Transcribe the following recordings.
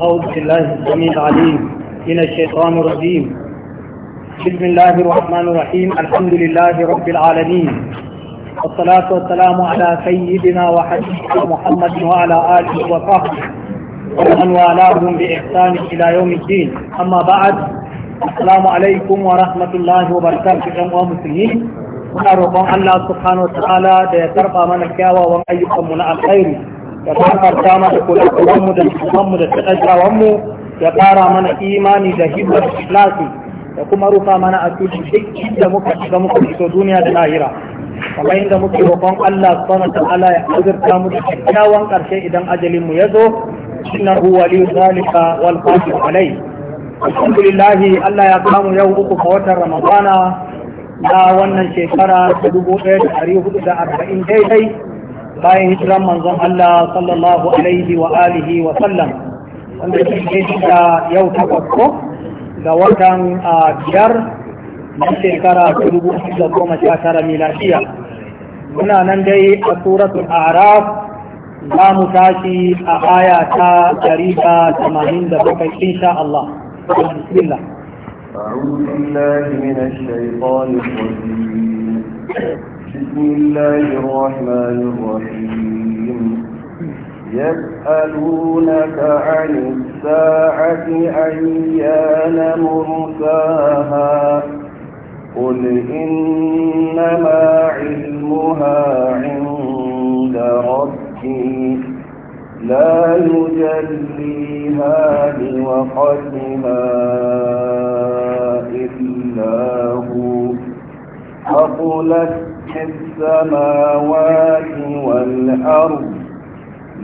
أعوذ بالله السميع العليم من الشيطان الرجيم بسم الله الرحمن الرحيم الحمد لله رب العالمين والصلاة والسلام على سيدنا وحبيبنا محمد وعلى آله وصحبه ومن والاهم بإحسان إلى يوم الدين أما بعد السلام عليكم ورحمة الله وبركاته جمع مسلمين muna الله سبحانه وتعالى wataala da ya karɓa mana kyawawan ayyukanmu ya farfarta mana kulakulanmu da jimanmu da taɗaɗawanmu ya kara mana imani da hibbar ikhlasi da kuma rufa mana asiri duk inda muka shiga muka fito duniya da lahira kamar inda muke roƙon Allah subhanahu wa ta'ala ya azurta mu da kyakkyawan karshe idan ajalin mu ya zo innahu waliyu zalika wal qadir alai alhamdulillah Allah ya kamu yau uku ga watan Ramadana na wannan shekara ta dubu ɗaya da ɗari hudu da arba'in daidai bayan hijiran manzon Allah sallallahu alaihi wa alihi wa sallam wanda ke da yau takwas ga watan biyar na shekara ta dubu da tara miladiya muna nan dai a suratul a'raf za mu tashi a aya ta ɗari da insha Allah bismillah أعوذ بالله من الشيطان الرجيم بسم الله الرحمن الرحيم يسألونك عن الساعة أيان مرساها قل إنما علمها عند ربي لا يجليها لوقتها إلا هو حقلت السماوات والأرض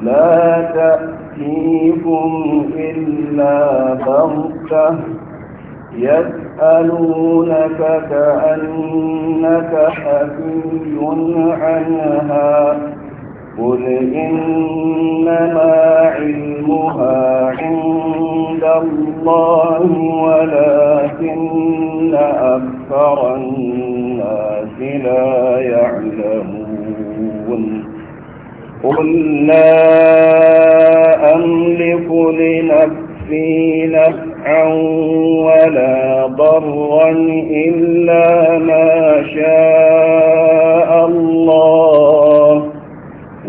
لا تأتيكم إلا بغتة يسألونك كأنك حفي عنها قل إنما علمها عند الله ولكن أكثر الناس الناس لا يعلمون قل لا أملك لنفسي نفعا ولا ضرا إلا ما شاء الله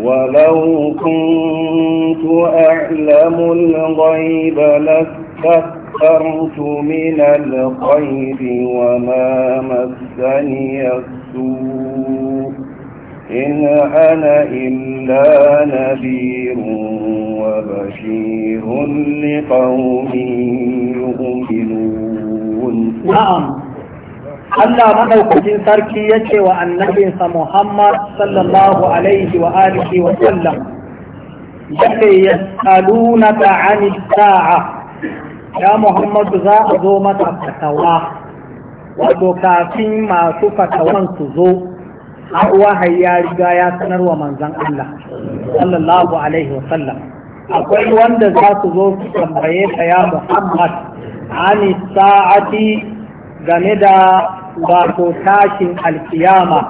ولو كنت أعلم الغيب لستفت كفرت من الخير وما مسني السوء إن أنا إلا نذير وبشير لقوم يؤمنون نعم الله مدوك جن تركية وأن نبيه محمد صلى الله عليه وآله وسلم يسألونك عن الساعة ya muhammadu za a zo mata fatawa wato kafin masu fatawan su zo har wahayi ya riga ya sanarwa manzan Allah sallallahu alaihi wa sallam akwai wanda za su zo su tambaye ka ya muhammad ani sa'ati game da wato tashin alkiyama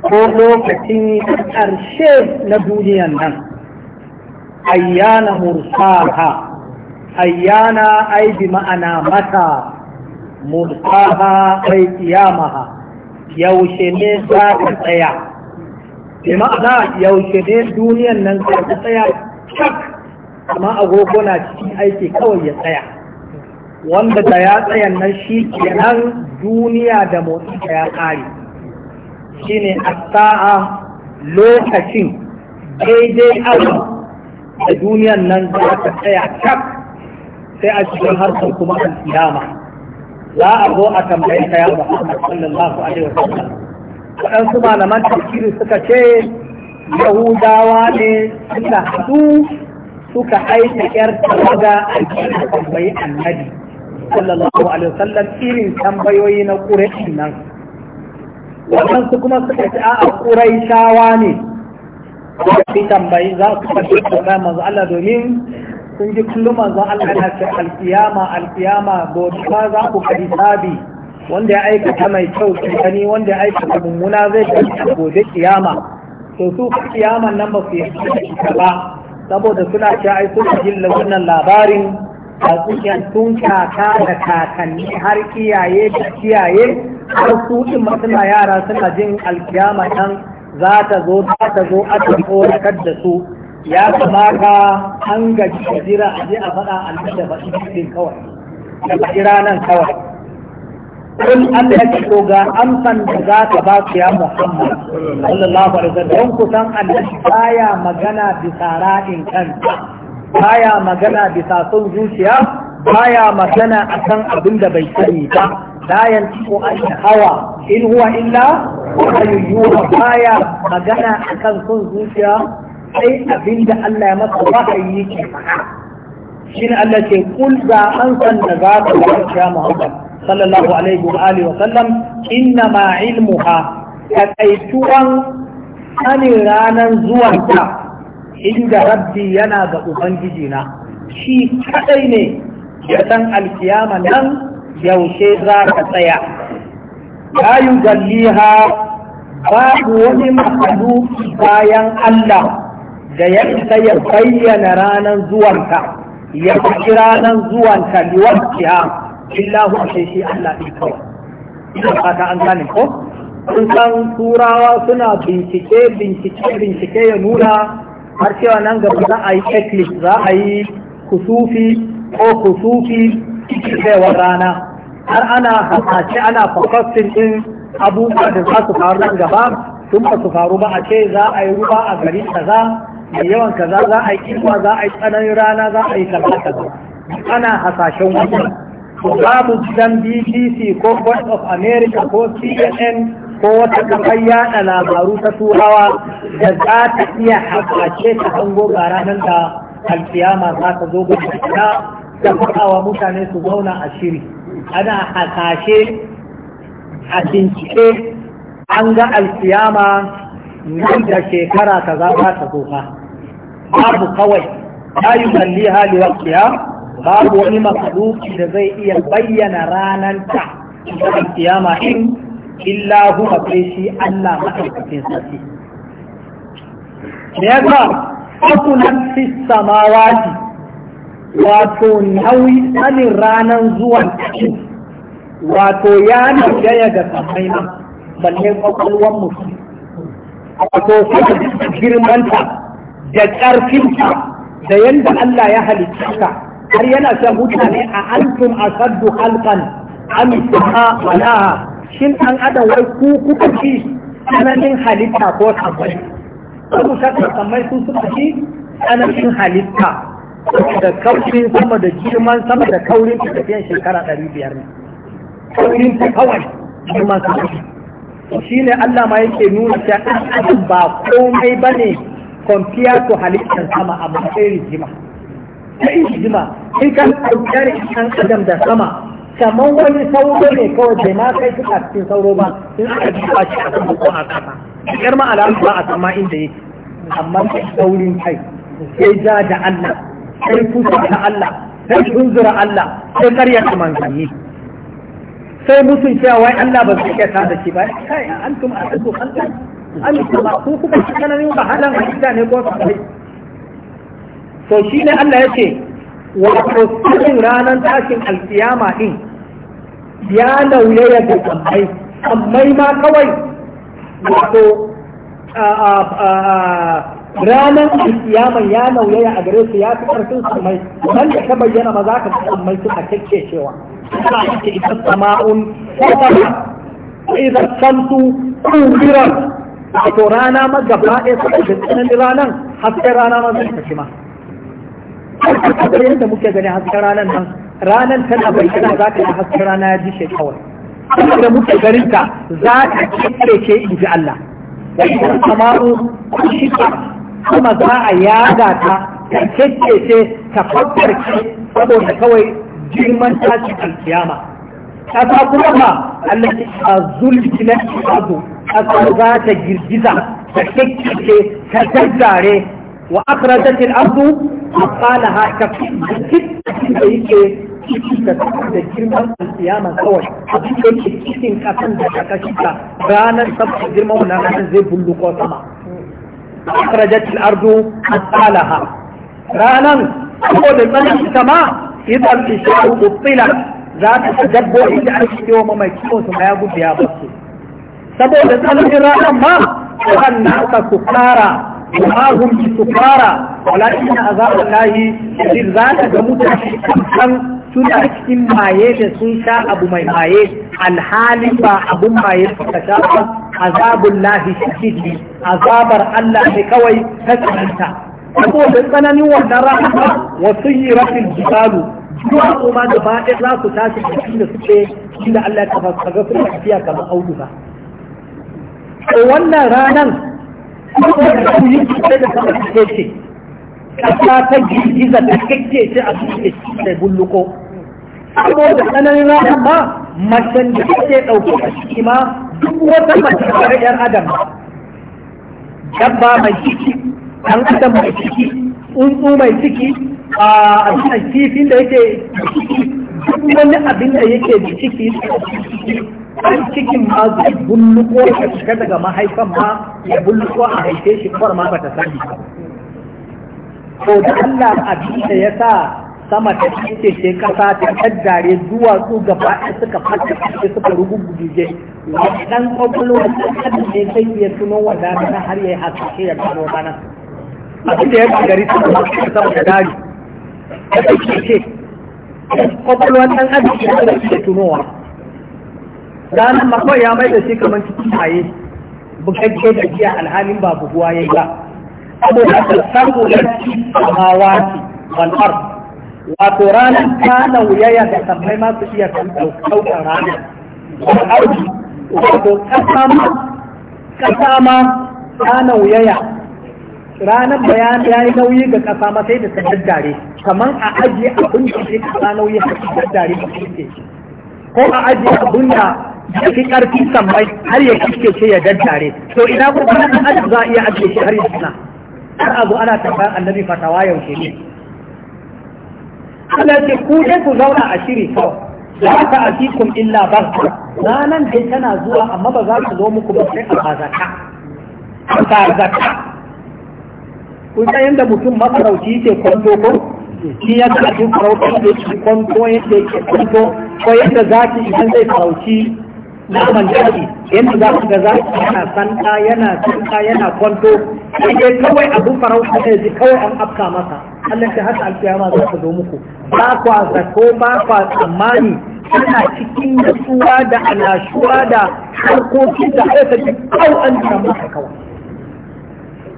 ko lokacin ƙarshe na duniyan nan ayyana mursaha ayyana ai bi ma'ana mata mulkaha ai kiyamaha yaushe ne za ka tsaya bi ma'ana yaushe ne duniyan nan za ka tsaya cak amma agogo na cikin aiki kawai ya tsaya wanda da ya tsayan nan shi kenan duniya da motsi da ya kare shine asa'a lokacin daidai abu da duniyan nan za ta tsaya cak sai a cikin harkar kuma an kiyama za a zo a tambayi ka ya Muhammad sallallahu alaihi wa sallam waɗansu malaman tafsiri suka ce Yahudawa ne suka haɗu suka aika ƴar tawaga a cikin tambayi annabi sallallahu alaihi wa sallam irin tambayoyi na ƙure nan waɗansu kuma suka ce a'a ƙurai shawa ne za su tambayi za su tambayi manzo Allah domin sun ji kullum manzon Allah yana ce alkiyama alkiyama gobe za ku kadi sabi wanda ya aikata mai kyau gani wanda ya aikata mummuna zai kadi gobe kiyama to su kiyaman nan ba su yi ba saboda suna ce ai suna jin wannan labarin a tsakiyar tun kaka da kakanni har kiyaye da kiyaye har su din suna yara suna jin alkiyama nan za ta zo za ta zo a da su ya kamata an gaji jira a je a faɗa da ba shi kawai da jira nan kawai kun an da ko ga amsan da za ka ba su ya Muhammad sallallahu alaihi wasallam don ku san annabi baya magana bisa ra'in kan baya magana bisa son zuciya baya magana akan abin da bai sani ba la ko an hawa in huwa illa wa yuha baya magana akan son zuciya sai abinda Allah ya masa wahayi yake faɗa shine Allah ce kul za an san da za ka yi Muhammad sallallahu alaihi wa alihi wa sallam inna ma ilmuha takaituwan sanin ranar zuwanta inda rabbi yana ga ubangiji na shi kadai ne ya san alkiyama nan yaushe za ka tsaya yi galiha, babu wani makalu bayan Allah da ya ya bayyana ranar zuwanka ya fi ranar zuwanka liwakciya illahu a shi Allah ɗin kawai ina fata an gane ko sun san turawa suna bincike bincike bincike ya nuna har cewa nan gaba za a yi eclipse za a yi kusufi ko kusufi cewa rana har ana hasashe ana forecasting din abubuwa da za su faru nan gaba sun ba su faru ba a ce za a yi ruwa a gari kaza mai yawan kaza za a yi za a yi tsananin rana za a yi kaza kaza ana hasashen wannan babu gidan bbc ko voice of america ko cnn ko wata kafar yada labaru ta turawa da za ta iya hasashe ta hango ga ranar da alkiyama za ta zo ga ta da faɗawa mutane su zauna a shiri ana hasashe a bincike an ga alkiyama nan da shekara kaza za ta zo fa babu kawai yi la hali liwaqtiha babu wani makaduki da zai iya bayyana ranar ta idan kiyama in illa huwa sai shi Allah madaukakin sarki me yasa akunan fi samawati wato nauyi sanin ranar zuwan cikin wato ya na gaya ga samai ma balle kwakwalwar mutum wato sai girmanta da ƙarfinka da yadda Allah ya halitta ka har yana cewa mutane a antum asaddu halqan am sa'a walaha shin an adam wai ku kuka ci tsananin halitta ko sabai ku shakka kamar su suka ci tsananin halitta da kaurin sama da girman sama da kaurin tafiyan shekara ɗari biyar ne kaurin ta kawai girman sama shi ne Allah ma yake nuna cewa ɗan ba komai ba ne compare to halittar sama a matsayin rijima ta yi rijima in kan kwanciyar ɗan adam da sama kamar wani sauro ne kawai bai ma kai su cikin sauro ba in aka ji ba shi a kan ko a kasa yar ma alamu ba a sama inda yake amma saurin kai sai ja da Allah sai kusa da Allah sai tunzura Allah sai karya ta manzanni sai musun cewa wai Allah ba zai ta da shi ba kai antum a tsubu kanta amince ba ku kuka shi kananin wahalan halitta ne ko su kai to shi ne Allah ya ce wato cikin ranar tashin alkiyama din ya lauyaya da tsammai tsammai ma kawai wato ranar alkiyaman ya nauyaya a gare su ya fi ƙarfin samai wanda ta bayyana ma za ka fi samai suna kyakke cewa suna kyakke ita sama'un ko sama idan samtu ƙungiran wato rana ma gaba ɗaya suka ga tsananin ranan hasken rana ma zai tafi ma kamar yadda muke gani hasken ranar nan ranan tana bayyana za ta yi hasken rana ya ji kawai kuma da muke ganin ta za ta kire ce in ji Allah da ita samaru kushika kuma za a yada ta ta ce ta fakkarce saboda kawai girman tashin alkiyama ta ta kuma ma Allah ta zulmi na abu ƙasar za ta girgiza ta kekkice ta daddare wa akhrajatil ardu asalaha ta kekkice da yake ciki da da girman alƙiyama kawai abin da yake cikin ƙasan da ta kashi ta ranar saboda girman wannan ranar zai bulluko sama akhrajatil ardu asalaha ranan saboda tsanin sama idan isharu ubtilat za ta dabbo inda ake yi wa mamaki su ma ya gudu ya basu saboda tsananin ranar ma kan na aka sukara ma hum bi sukara wala inna azab allahi shadid za ka ga mutane kan suna cikin maye da sun sha abu mai maye alhali ba abun maye suka sha ba azabun lahi shadid azabar allah ne kawai ta tsananta saboda tsananin wannan rahama wasu yi rafin jibalu zuwa kuma da ɗaya za su tashi cikin da suke inda Allah ya kafa kaga suna tafiya kamar auduga to wannan ranan ku yi kusa da kuma kake kasa ta girgiza ta kake ce a cikin da bulluko saboda tsananin ranar ma macen da kake ɗauke a ciki ma duk wata mace a yar adam dabba mai ciki ɗan adam mai ciki tsuntsu mai ciki a cikin kifin da yake ciki duk wani abin da yake da ciki ɗan cikin ma zai bulluko ya shiga daga mahaifan ma ya bulluko a haife shi kwar ma bata sani ba to da Allah abin da ya sa sama ta ce ce kasa ta kaddare duwatsu gaba ɗaya suka fata suke suka ruguguje wani ɗan kwakwalwa ta kada ne kai ya tuno wadana na har ya yi hasashe ya gano mana abin da ya fi gari sun ma suka sama da dari ta ce ce kwakwalwa ɗan adam ya tunowa ranar makon ya mai da shi kamar cikin maye bukakke da jiya alhalin ba buguwa ya yi ba saboda da sarko ya ci samawati wanar wato ranar ta ya da sammai masu iya ɗaukar ranar wal'ar wato ƙasa ma ta ya. ranar bayan ya yi nauyi ga kasa ma sai da ta daddare kamar a ajiye abin da ke kasa nauyi ta daddare da ke ko a ajiye abin da Yafi fi ƙarfi sammai har ya kiske shi ya dantare. to ina ko kuma an za a iya ajiye shi har ya suna har a zo ana tambayar annabi fatawa yaushe ne Allah ce ku dai ku zauna a shiri kawai la ta atikum illa Na nan dai tana zuwa amma ba za ku zo muku ba sai a albazaka Ku san yadda mutum mafarauci ke kwanto ko shi ya ga cikin farauci da shi kwanto yadda ke kwanto ko yadda zaki idan zai farauci naman daji yadda za ka ga yana santa yana santa yana kwanto sai kawai abun farauta ne ji kawai an afka masa Allah ta haka alkiyama za ta zo muku ba kwa zato ba kwa tsammani kana cikin nutsuwa da alashuwa da harkokin da aka ji kawai an jira masa kawai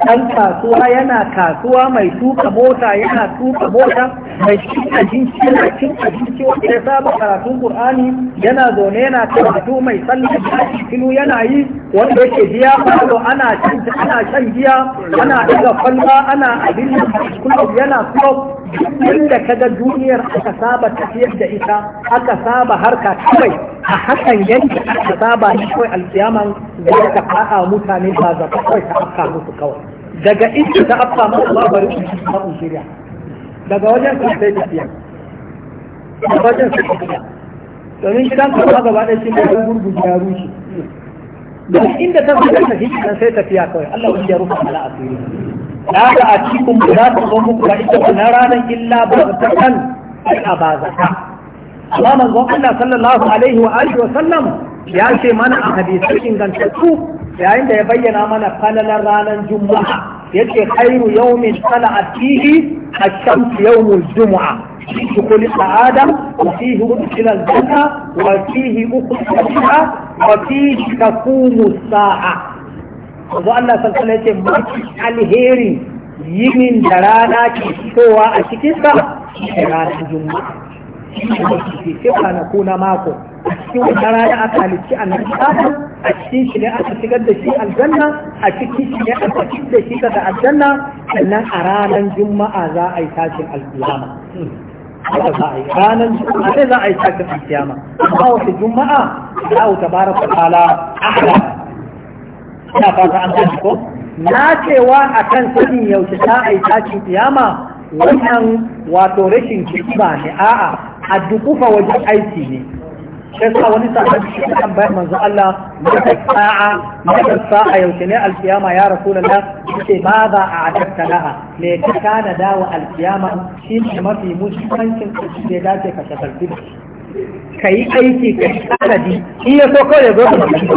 ɗan kasuwa yana kasuwa mai tuka mota yana tuka mota mai cin abinci yana cin abinci wanda ya saba karatun qur'ani yana zaune yana karatu mai sallar da kilu yana yi wanda yake biya falo ana cin ana shan giya ana daga falma ana abin kullum yana club inda kaga duniyar aka saba tafiyar da ita aka saba harka kawai a hakan yanki aka saba ne kawai alkiyaman zai ka mutane ba za kawai ta afka musu kawai daga inda ta afka ma Allah bari su samu shirya daga wajen su sai tafiya daga wajen su tafiya domin gidan ka ba gaba ɗaya shi ne gurgurgu ya rushe daga inda ta fita ta shi nan sai tafiya kawai Allah wani ya rufa ala asiri la ta atikum la ta zo muku ba ita na ranar illa ba ta kan a ba zaka amma manzon Allah sallallahu alaihi wa alihi wa sallam ya ce mana a hadisai ingantattu yayin da ya bayyana mana falalar ranar juma'a yace khairu yawmin tala'at fihi ash-shams yawmul jumu'a fi kulli sa'ada wa fihi udkhila al-janna wa fihi ukhrijat minha wa fihi taqumu as-sa'a Wanzu Allah sallallahu alaihi ce mafi alheri yimin da rana ke fitowa a cikinsa da ranar juma'a sai kwanako na mako a cikin wata rana aka halicci annabi adam a cikin shi ne aka shigar da shi aljanna a cikin shi ne aka fitar da shi daga aljanna sannan a ranar juma'a za a yi tashin alkiyama ranar juma'a za a yi tashin alkiyama amma wata juma'a za a ina fata an ko na cewa a kan sanin yaushe za a yi tashin kiyama wannan wato rashin hikima ne a'a a dukufa wajen aiki ne sai sa wani sahabi shi ta tambaya manzo Allah mata sa'a mata sa'a yaushe ne alkiyama ya rasulullah yace ma za a adatta laha me ka kana dawo alkiyama shi ne mafi muhimmancin da ya dace ka shagaltu da shi ka yi aiki ka yi tanadi in ya so kawai ya zo ka mafi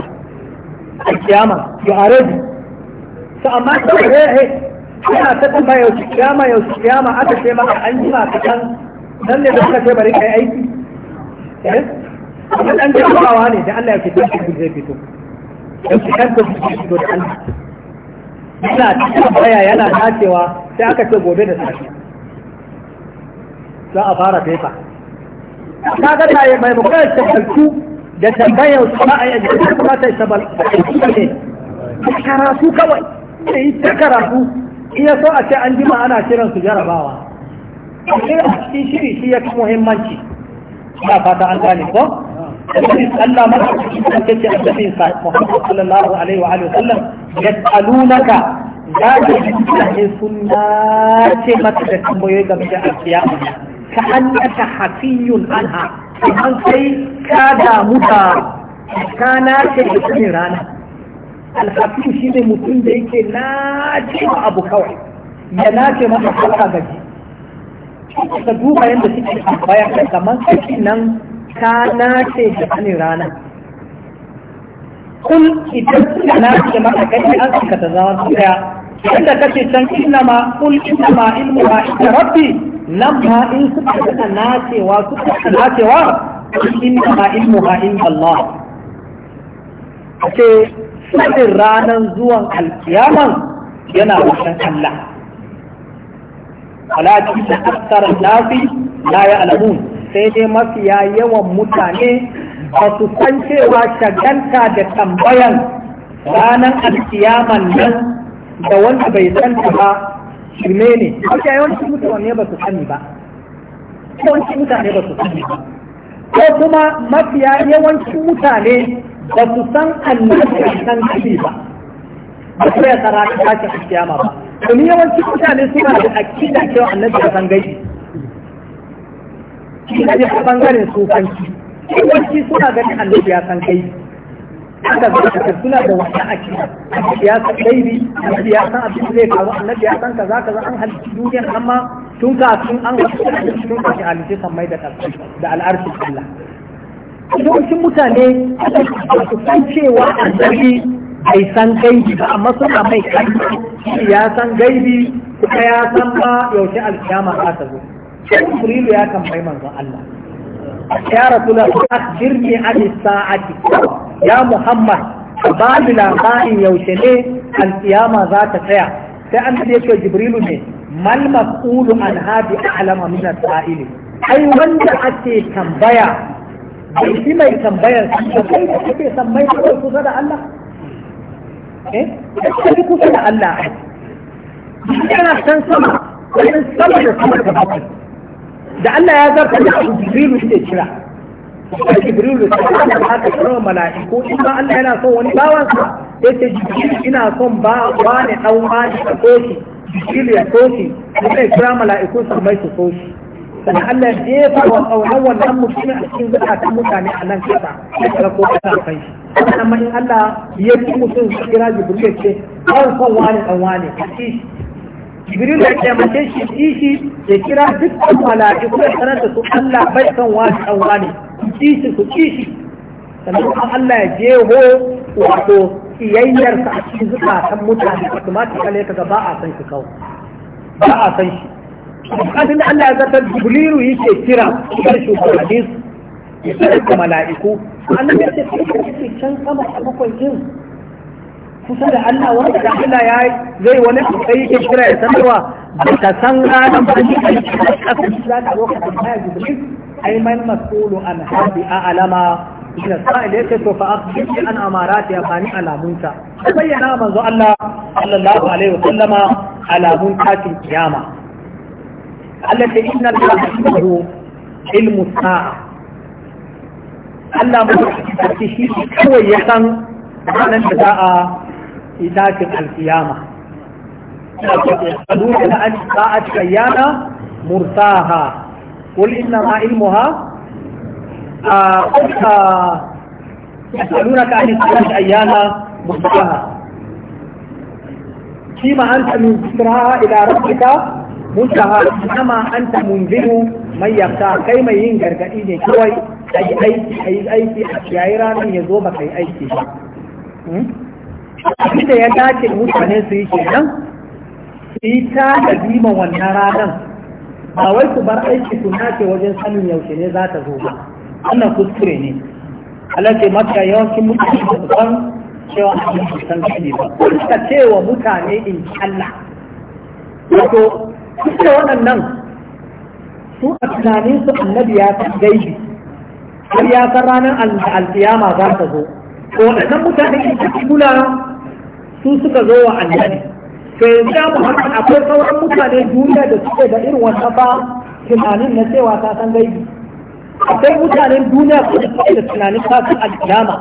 a kiyama ya arabi to amma kawai ya ana ta tambaya yau kiyama yau kiyama aka ce maka an jima ka kan nan ne da aka ce bari kai aiki eh amma dan jarabawa ne da Allah ya ce fito shi zai fito dan shi kanta shi fito da Allah yana cikin baya yana dacewa sai aka ce gobe da safe za a fara fefa ka ga da mai bukatar tattalku da tambayar su ba a yi da kuma ta isa ba ne karatu kawai sai ta karatu iya so a ce an jima ana kiran su jarabawa shiri a cikin shiri shi ya fi muhimmanci ina fata an gane ko Allah maka cikin kake annabin sa Muhammad sallallahu alaihi wa alihi wasallam yas'alunaka za ka ji mutane sun ce maka da tambayoyi game da alkiyama ka annaka hafiyun anha kamar kai ka damu ta. ka nace da cikin rana alhafiyu shi ne mutum da yake nace abu kawai ya na nace maka ka gaji ka duba yadda suke tambaya da kamar kashi nan ka nace da hannun rana kun idan suka nace maka gani an suka ta zama su daya yadda kace can inna ma kul inna ma ilmu ma inda rabbi nan ma in suka suka nacewa suka nacewa inna ma ilmu ma in Allah ake sanin ranar zuwan alkiyaman yana wajen Allah walakin da aksarar nasi la ya al'amu. sai dai mafiya yawan mutane ba su san cewa shaganta da tambayan ranar alkiyaman nan da wanda bai san ta ba shi ne mafiya yawancin mutane ba su sani ba yawancin mutane ba su sani ba ko kuma mafiya yawancin mutane ba su san annabi san kashi ba ba su ya tsara ta ce alkiyama ba domin yawanci mutane suna da akida cewa annabi ya san gaibi shi ne ta bangaren tsofanci yawanci suna ganin annabi ya san gaibi haka zaka suna da wata akida annabi ya san gaibi annabi ya san abin zai faru annabi ya san kaza kaza an halitta duniyar amma tun kafin an halitta tun kafin halitta sammai da ƙarfi da al'arshi Allah yawancin mutane su san cewa annabi bai san gaibi ba amma suna mai kalli ya san gaibi kuma ya san ma yaushe alkiyama za ta zo sai jibrilu ya tambayi manzon Allah ya rasula akhbirni an sa'ati ya muhammad ba ni labarin yaushe ne alkiyama za ta tsaya sai an ce yake jibrilu ne mal mas'ulu an hadi a'lama min as ai wanda ake tambaya bai mai tambayar shi kai da kake san mai kusa da Allah eh kafi kusa da Allah yana san sama wajen sama da sama da bakwai da Allah ya zarta da abu jibrilu shi ne kira da jibrilu da Allah ya haka kira mala'iku in ba Allah yana son wani bawansa sai ce jibrilu ina son ba wani dan wani ka so shi jibrilu ya so shi sai kira mala'iku su mai su so da Allah ya jefa wa tsaunan wannan mutumin a cikin zukatan mutane a nan kasa ya kira ko kasa kai shi amma in Allah ya yi mutum ya kira Jibril ya ce an son wani dan wani ka ci Jibril ya ce mace shi ci shi ya kira dukkan mala'iku ya sanar da su Allah bai son wani dan wani ci shi ku ci shi sannan Allah ya jeho wato kiyayyarsa a cikin zukatan mutane automatically ka ga ba a san shi kawai ba a san shi bukatun da Allah ya zata jibrilu yake kira kan shugabannin ya sanar da mala'iku Allah ya ce kai can sama a bakwai kusa da Allah wanda da Allah ya zai wani kai yake kira ya sanarwa ba ka san ranar ba shi a cikin za ka lokacin baya jibril ai man masulu an hadi a alama ila sa'il yake to fa akhbirni an amarati ya bani alamunta bayyana manzo Allah sallallahu alaihi wasallama alamun tashin التي إن الله عنده علم الساعة Allah mutum a shi kawai ya san ranar da za a yi da za a cika yana mursaha, kul inna ma A kuka da yana mursaha. Shi ma an sami sura ila rafika muntaha kama anta munziru mai yafta kai mai yin gargaɗi ne kawai a yi aiki a yi aiki a yayi ranar ya zo ba yi aiki ba hmm? abin da ya dace mutane su yi kenan su yi ta da bima wannan ranar ba wai ku bar aiki su nace wajen sanin yaushe ne za ta zo ba wannan kuskure ne alaƙe mafiya yawancin mutane da su san cewa a cikin san ne ba kuka cewa mutane in Allah wato da waɗannan su a tunanin su annabi ya san gaibi har ya san ranar alkiyama za ta zo ko waɗannan mutane in ta kula su suka zo wa annabi to yanzu ya muhammad akwai sauran mutane duniya da suke da irin wannan ba tunanin na cewa ta san gaibi akwai mutanen duniya da suke da tunanin ta san alkiyama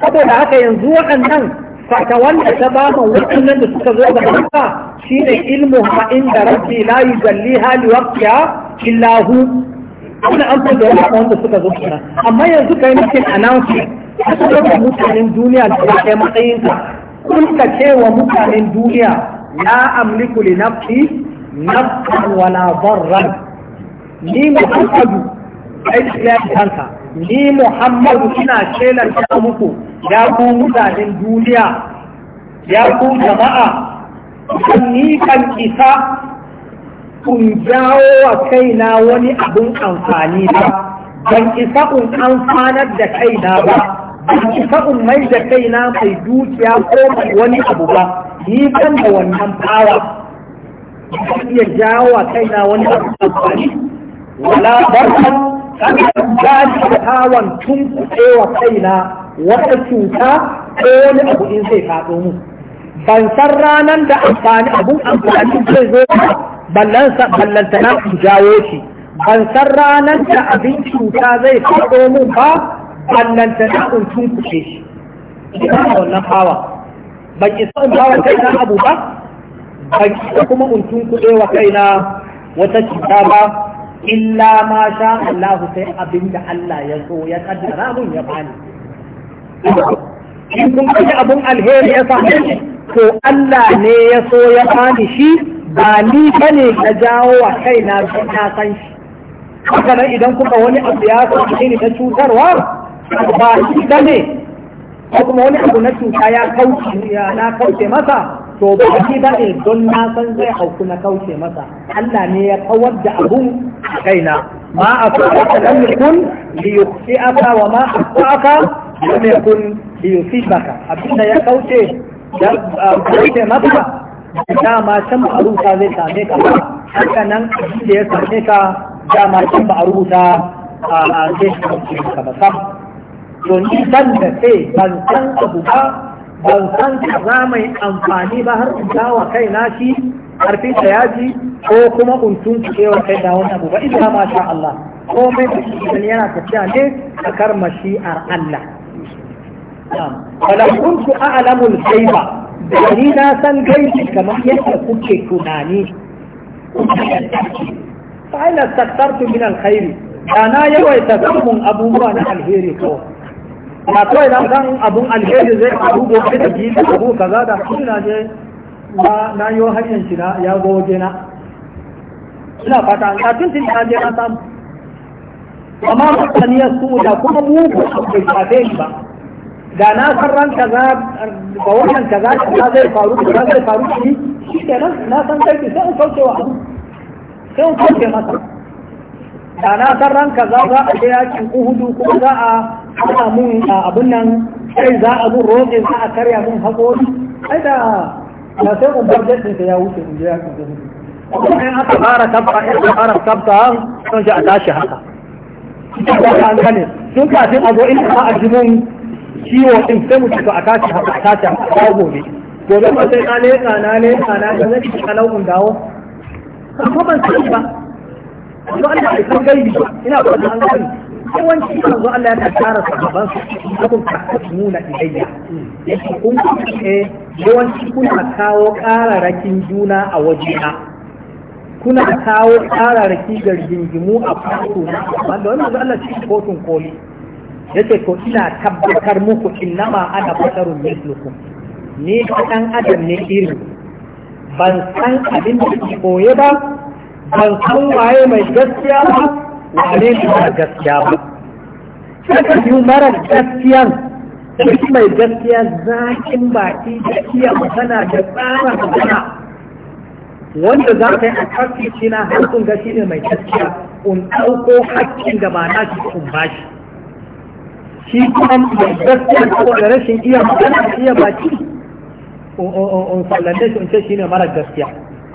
saboda haka yanzu waɗannan fata wanda ta ba mu waɗannan da suka zo ga haka shine ilmu ha inda rabbi la yujalliha li waqtiha illa hu ana amfani da wanda suka zo kana amma yanzu kai nake announcement a cikin mutanen duniya da kai matsayin ka kun ka ce wa mutanen duniya la amliku li nafsi nafsan wala darran ni ma an ai lafiyanka ni Muhammadu ina shelar ta muku ya ku mutanen duniya ya ku jama'a kan ni kan isa kun jawo wa kaina wani abin amfani ba ban isa kun amfanar da kaina ba ban isa kun mai da kaina mai dukiya ko mai wani abu ba ni kan da wannan fawa ban jawo wa kaina wani abin amfani wala barkan kada ba da hawan tun wa kaina wata cuta ko wani abu in zai faɗo mu ban san ranar da amfani abun amfani zai zo ballanta na ku jawo shi ban san ranar da abin cuta zai faɗo mu ba na in tun ku kuɗe shi ina wannan hawa ban isa in bawa kaina abu ba ban isa kuma in tun wa kaina wata cuta ba illa ma sha Allah sai abinda Allah ya so ya kaddara mun ya bani in kun kaji abun alheri ya same to Allah ne ya so ya bani shi ba ni bane ka jawo wa kai na san shi haka idan kuka wani abu ya ki ne ta cutarwa ba shi bane ko kuma wani abu na cuta ya kauce ya na kauce masa to ba shi ba ne don na san zai auku na kauce masa Allah ne ya kawar da abun a kaina ma a kuma ta lam yakun li yukhti'aka wa ma akhta'aka lam kun li yusibaka abinda ya kauce da kauce masa dama can ba a rubuta zai same ka ba haka nan abinda ya same ka dama can ba a rubuta a zai same ka ba sam to ni ban da sai ban san abu ba ban san za mai amfani ba har in dawa kai na shi harfin yaji ko kuma in tuntuke kai da wannan abu ba idan ma sha Allah ko mai idan yana tafiya ne a kar mashi'ar Allah wala kuntu a'lamu al-ghaiba da ni na san gaibi kamar yadda kuke tunani fa ina min al-khairi da na yawaita samun abubuwa na alheri kawai amma kawai idan kan abun alheri zai faru gobe da biyu abu kaza da shi na je na yi hanyar shi na ya goge na ina fata an a tuntun ta je na samu amma mutane su da kuma mugu bai shafe shi ba da na san ran kaza ba wannan kaza kaza zai faru kaza zai faru shi kenan na san kai sai ku kauce wa abu sai ku kauce masa da na san ranka za a je yakin uhudu kuma za a hana mun abin nan sai za a mun roƙe za a karya mun haƙori ai da na sai umar jadin ya wuce in je yakin uhudu kuma in aka fara tabba in aka fara tabba sun ji a tashi haka da hankali sun kafin a zo in ka a jimin ciwo din sai mu ci to a tashi haka a tashi haka gobe gobe ba sai na leƙa na leƙa na ka zai ci kalau in dawo amma ban sani ba yanzu Allah bai san gaibi ina ba an gani yawanci yanzu Allah yana tara sahabban su kuma tasmuna ilayya yake kun eh yawanci kuna kawo kararakin juna a wajena kuna kawo kararaki ga rigingimu a kotu wanda wannan zai Allah cikin kotun koli yake ko ina tabbatar muku innama ana basarun mislukum ni dan adam ne irin ban san abin da ke koye ba ban san waye mai gaskiya ba wane ne mara gaskiya ba saka yi mara gaskiya da shi mai gaskiya zakin baki da iya magana da tsara magana wanda za ka yi a karfi shi na harkun gashi ne mai gaskiya un ɗauko hakkin da ba na shi sun bashi shi kuma mai gaskiya ko da rashin iya magana da iya baki un sallande shi un ce shi ne mara gaskiya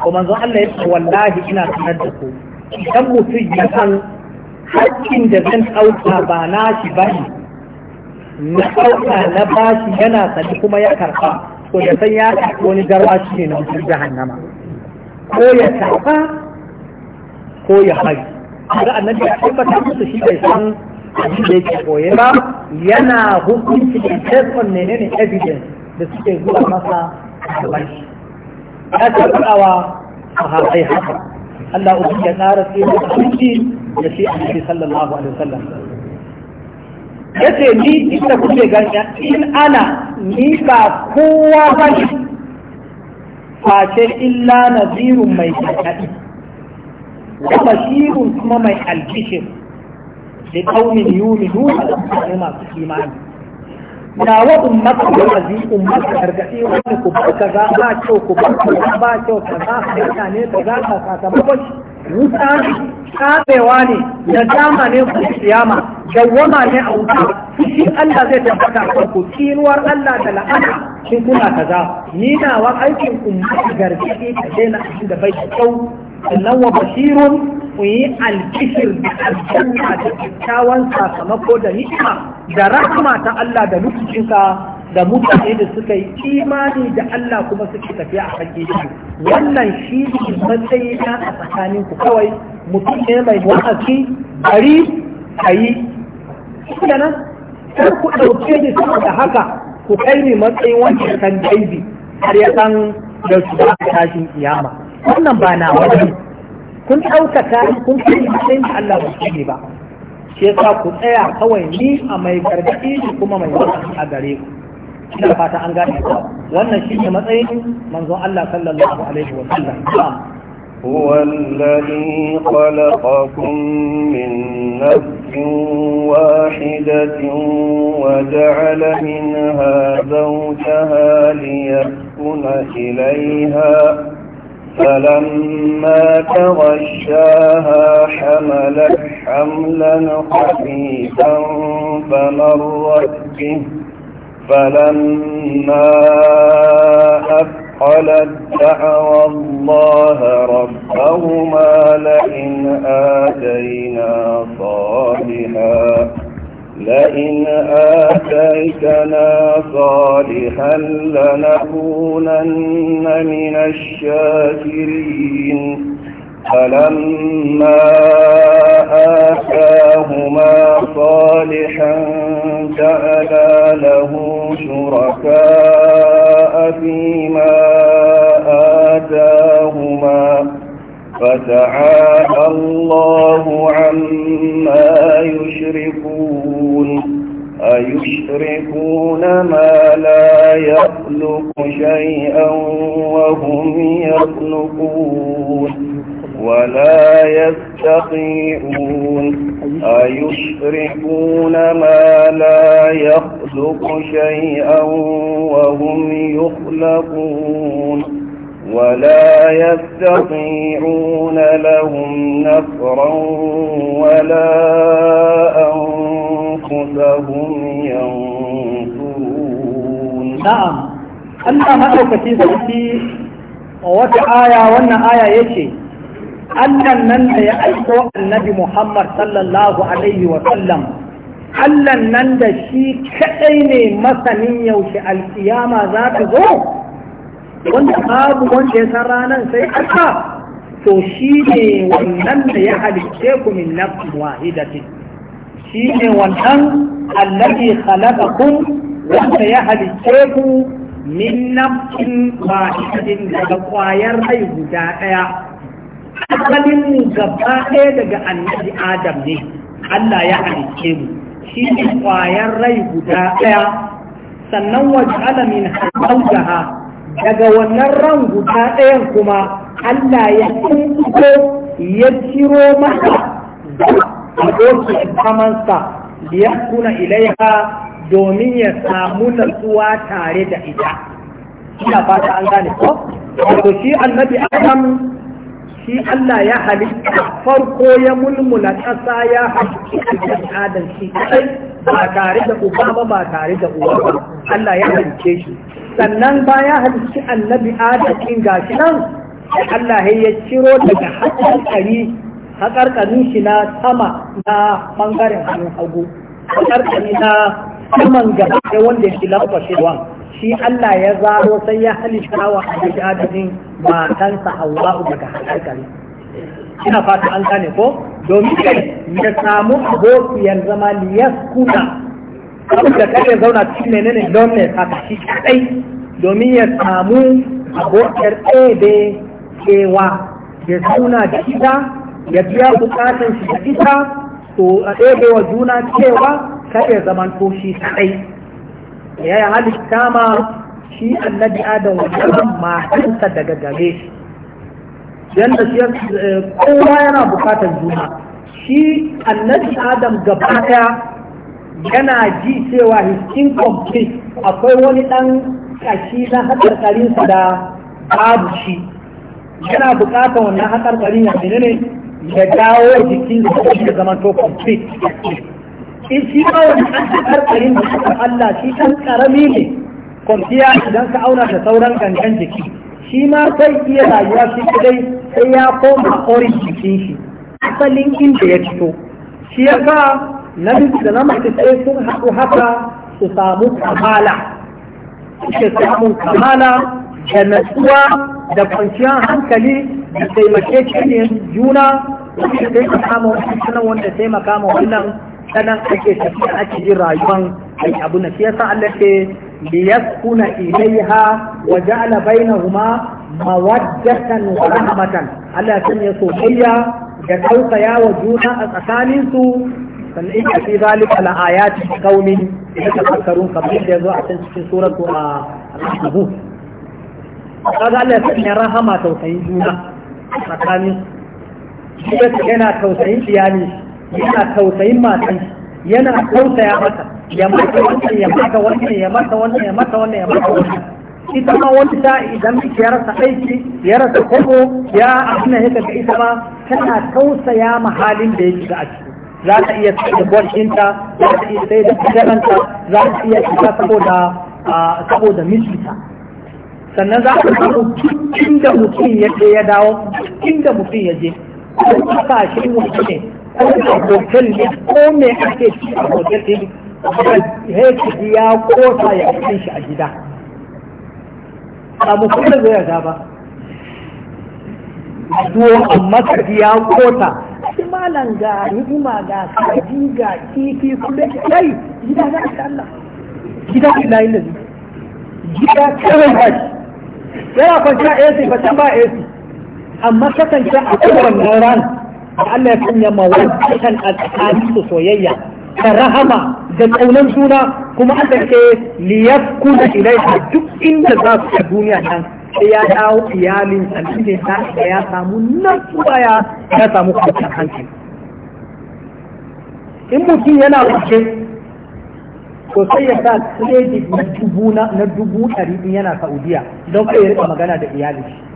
ko manzon Allah ya ce wallahi ina sanar da ku idan mutum ya san haƙƙin da zan ɗauka ba na shi ba ne na ɗauka na bashi yana sani kuma ya karɓa ko da san ya karɓi wani garwashi ne na mutum jahannama ko ya karɓa ko ya hari ga annabi ya tabbata musu shi bai san abin da yake koye ba yana hukunci da tezon ne ne evidence da suke zuwa masa gaban shi ya taɓawa a hatsai haka Allah uku ya ƙara tsaye da abinci da shi a cikin sallallahu alaihi wasallam ya ce ni inda kuke ganya in ana ni ba kowa ba ne face illa nazirun mai kaɗaɗi wa bashirun kuma mai alkishin da kaunin yuni duka da mutane masu imani na wa da wa'azi ummata gargaɗe wani ku bar ku ba kyau ku bar kaza ba kyau kaza halitta ne za ka sakamakon wuta tsabewa ne da dama ne ku da wama ne a wuta shi Allah zai tabbata a kanku tsinuwar Allah da la'ana shi kuna kaza ni na wa aikin ummata gargaɗe ka daina abin da bai kyau sannan wa bashirun ku yi alkishir da aljanna da kyakkyawan sakamako da ni'ima da rahama ta Allah da lutufinka da mutane da suka yi imani da Allah kuma suke tafiya a kan shi wannan shi ne matsayi na a tsakanin ku kawai mutum ne mai wa'azi bari yi Yana nan sai ku ɗauke ni saboda haka ku kai ni matsayin wancan kan gaibi har ya san da su ba a tashin iyama. wannan ba na wani kun ɗaukaka kun kai matsayin da Allah ba shi ba shi yasa ku tsaya kawai ni a mai gargaɗi da kuma mai wa'azi a gare ku ina fata an gane ka wannan shi ne matsayin manzon Allah sallallahu alaihi wa sallam هو الذي خلقكم من نفس واحدة وجعل منها زوجها ليسكن إليها فلما تغشاها حملت حملا خفيفا فمرت به فلما أثقلت دعوى الله ربهما لئن آتينا صالحا لئن آتيتنا صالحا لنكونن من الشاكرين فلما آتاهما صالحا جعلا له شركاء فيما آتاهما فتعالى الله يشركون ما لا يخلق شيئا وهم يخلقون ولا يستطيعون أيشركون ما لا يخلق شيئا وهم يخلقون ولا يستطيعون لهم نفرا ولا na'am Allah madaukaki sarki a wata aya wannan aya ce. Allah nan da ya aiko annabi Muhammad sallallahu alaihi wa sallam Allah nan da shi kadai ne masanin yaushe alkiyama za ta zo wanda babu wanda ya san ranar sai Allah to shi ne wannan da ya halitte ku min nafsin wahidatin shi ne wannan allazi khalaqakum wanda ya halice ku min nafsin wahidatin daga kwayar rai guda ɗaya asalin gaba ɗaya daga annabi adam ne Allah ya halice mu shi ne kwayar rai guda ɗaya sannan waje alamin jaha, daga wannan ran guda ɗayan kuma Allah ya tuntuko ya ciro masa da abokin kamansa ya kuna ilaiha domin ya samu nutsuwa tare da ita ina fata an gane ko wato shi annabi adam shi Allah ya halitta farko ya mulmula ƙasa ya halitta adam shi kai. ba tare da uba ba ba tare da uwa ba Allah ya halice shi sannan ba ya halicci annabi adam din gashi nan Allah ya ciro daga Haƙar ƙarin shi na sama na ɓangaren hannun hagu ƙari na kalman gaba ɗaya wanda shi lafashewa shi Allah ya zaro sai ya halitta wa adadin matansa Allahu daga haƙarƙari ina fata an gane ko domin ya samu abokiyar zama liyaskuna saboda kada ya zauna cikin menene ne haka shi kadai domin ya samu abokiyar ɗebe cewa ya suna da ita ya biya bukatun shi da ita to a ɗebe wa juna cewa kaɗe zaman to shi kaɗai ya yi halitta ma shi annabi adam wajen matansa daga gare shi yadda shi eh, kowa yana bukatar juna shi annabi adam gaba ɗaya yana ji cewa his incomplete akwai wani ɗan kashi na hakarkarinsa da babu shi yana bukatar wannan hakarkarin ya ne ya dawo jikin da zama to complete in shi ma wani ɗan ƙarƙarin da Allah shi kan ƙarami ne kwamfiya idan ka auna da sauran gangan jiki shi ma sai iya rayuwa shi kadai sai ya koma orin jikin shi asalin inda ya fito shi ya sa namiji da na mace sai sun haɗu haka su samu kamala suke samun kamala da natsuwa da kwanciyar hankali da taimake juna wanda taimaka ma wanda taimaka ma wannan sanan ake tafiya ake jin rayuwan ai abu na shi yasa Allah ce liyaskuna ilaiha wa ja'ala bainahuma mawaddatan wa rahmatan Allah ya sanya biya da ya wa juna a tsakanin su san inna fi zalika la ayatin qaumin yatafakkarun kamar da yazo a cikin suratu al-ankabut kaga Allah ya sanya rahama tausayin juna tsakanin su yana tausayin iyali yana tausayin matan yana tausaya mata ya mata wannan ya mata wannan ya mata wannan ya mata wannan ya mata wannan ita ma wani ta idan ya rasa aiki ya rasa kobo ya abin haka da ita ma tana tausaya ma halin da yake da a ciki za ta iya sai da bolshinta za ta iya sai da kujeranta za ta iya shiga saboda saboda mijinta sannan za ta samu duk inda mutum ya je ya dawo duk inda mutum ya je ko kasashen wasu ne ko a hotel ne ko me ake ci a hotel ne haka ya kota ya kai shi a gida ba mu kuma zai yarda ba duwan amma kaji ya kota shi malam ga ni'ima ga kaji ga kifi kuma kai gida za a insha Allah gida ila ila gida kawai haji yana kwanciya AC ba can ba AC amma kasance a kowanne ran Allah ya sanya mawaddatan a tsakanin su soyayya ta rahama da kaunan juna kuma Allah ce liyafku da ilaiha duk inda za su ta duniya nan sai ya dawo iyalin alhidin ta ya samu nan ya ya samu kwanciyar hankali in mutum yana wuce to sai ya sa credit na dubu na dubu yana Saudiya don kai ya rika magana da iyalin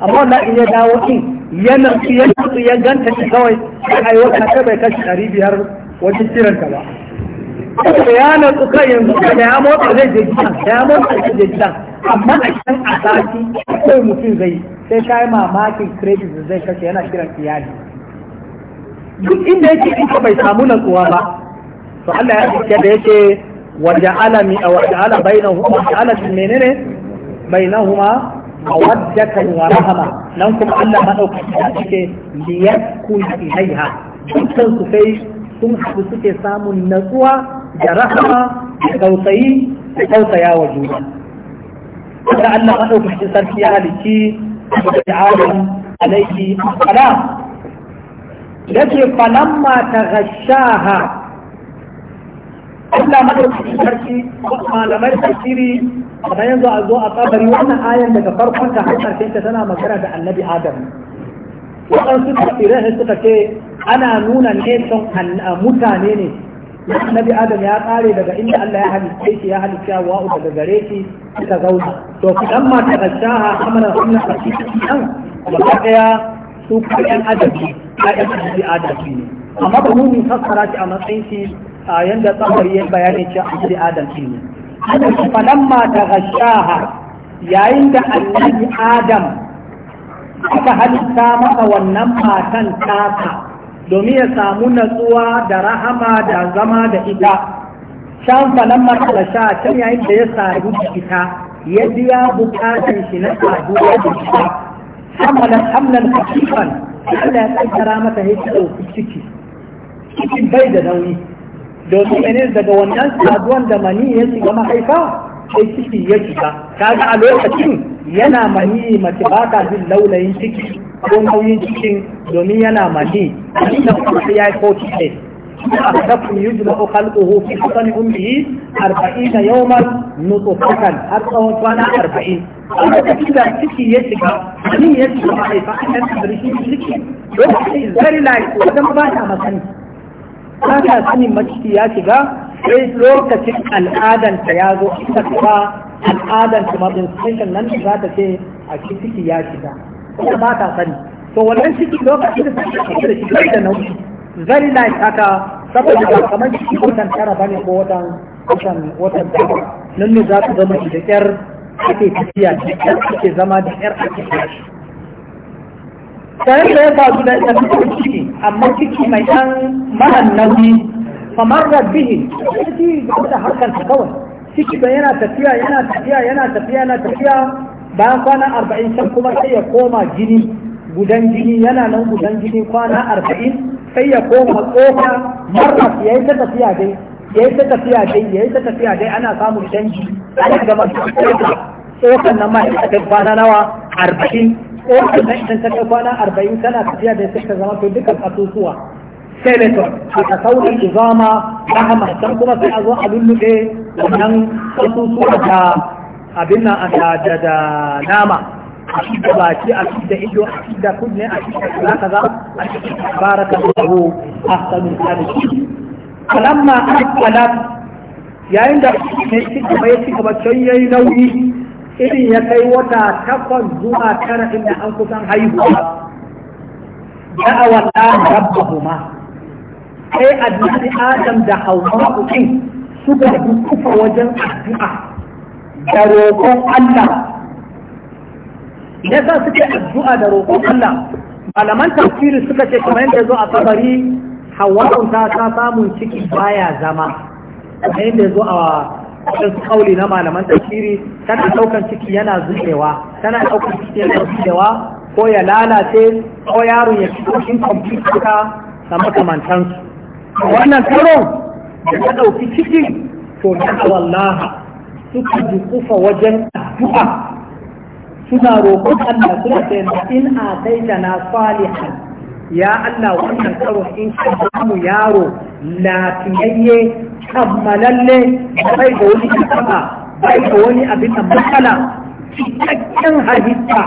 amma wannan in ya dawo din yana yana ya ganta shi kawai ai wata ta bai kashi ɗari biyar wajen kiran ka ba saboda ya na kan yanzu da ya motsa zai je gidan da ya motsa zai je gidan amma a kan a sati mutum zai sai kai mamakin credit zai kashe yana kiran iyali duk inda yake in bai samu natsuwa ba to Allah ya ce da yake wa ja'ala mi wa ja'ala bainahuma ja'ala menene bainahuma mawaddatan wa rahama nan kuma Allah madaukaki ya ce liyaskun ilaiha dukkan su kai sun haɗu suke samun natsuwa da rahama da tausayi da tausaya wa juna da Allah madaukaki sarki ya halici da alim alaihi assalam yace falamma taghashaha Allah madaukaki sarki ko malamai tafsiri amma yanzu a zo a kabari wannan ayan daga farkon ta har ta tana magana da annabi adam waɗansu tafsirai suka ce ana nuna ne mutane ne annabi adam ya tsare daga inda Allah ya halitta shi ya halitta wa'u daga gare shi suka zauna to kidan ma ta tashaha amara sunna a cikin nan ba daya su kayan adabi kayan adabi adabi ne amma ba mu fassara shi a matsayin shi yanda tsakar yin bayani cewa adabi adabi ne falamma ta gashaha yayin da annabi adam aka halitta maka wannan matan tata domin ya samu natsuwa da rahama da zama da ita shan falamma ta sha can yayin da ya sadu da ita ya biya bukatan shi na saduwa da ita hamalan hamlan kafifan Allah ya kaddara mata ya ciki cikin bai da nauyi domin ene daga wannan saduwan da mani ya shiga mahaifa sai ciki ya shiga kaga a lokacin yana mani mace ba ta jin laulayin ciki ko nauyin cikin domin yana mani inda kuma ya yi ko cike أخذكم يجمع خلقه في حضن أمه أربعين يوما نطفة أربعون فانا أربعين أربعين إذا سكي يشكى من يشكى عليه فأنا أدري شيء سكي وقت very like وقت ما بعد ما سنه ba ta sanin maciki ya shiga sai lokacin al'adanta ya zo ita kuma al'adanta kan nan za ta ce a ciki ya shiga ita ba ta sani to wannan ciki lokacin da ta shiga da shiga da nauyi na nice haka saboda ba kamar ciki watan tara ba ne ko watan watan watan nan ne za ta zama da kyar ake tafiya da kyar ake zama da kyar ake tare da ya faru da ɗan ciki amma ciki mai ɗan mahannabi kamar rabbihi ya ci gaba da harkarsa kawai ciki da yana tafiya yana tafiya yana tafiya yana tafiya bayan kwana arba'in can kuma sai ya koma jini gudan jini yana nan gudan jini kwana arba'in sai ya koma tsoka marras ya yi ta tafiya dai ya yi ta tafiya dai ya yi ta tafiya dai ana samun canji ana gama tsokan nan ma ya kwana nawa arba'in ofis na idan ta kwana arba'in tana tafiya da sai ta zama to dukkan asusuwa senator a tasawurin izama na hamastan kuma sai a zo a lullube wannan asusuwa da abin nan da da nama a shi da baki a shi da ido a shi da kunne a shi da kaza kaza a shi da baraka da hu ahsanul khaliqin falamma aqalat yayin da ne shi kuma ya ci gaba can yayi nauyi irin ya kai wata takwas zuwa tara inda an kusan haihuwa da'awa ta Kai sai annabi adam da Hauwa ukin suka dukufa wajen addu'a da roƙon Allah yasa suke addu'a da roƙon Allah malaman tafsiri suka ce kamar yadda zo a kabari hawa ta ta samun ciki baya zama kamar yadda zo a waɗansu kauli na malaman tafsiri tana ɗaukan ciki yana zubewa tana ɗaukan ciki yana zubewa ko ya lalace ko yaron ya fito in kwamfuta da makamantansu wannan karo da ta ɗauki ciki to da wallaha suka dukufa wajen addu'a suna roƙon Allah suna ce in a kai da na salihan ya Allah wannan karo in ka samu yaro lafiyayye kammalalle bai da wani kasa bai da wani abin da matsala cikakken halitta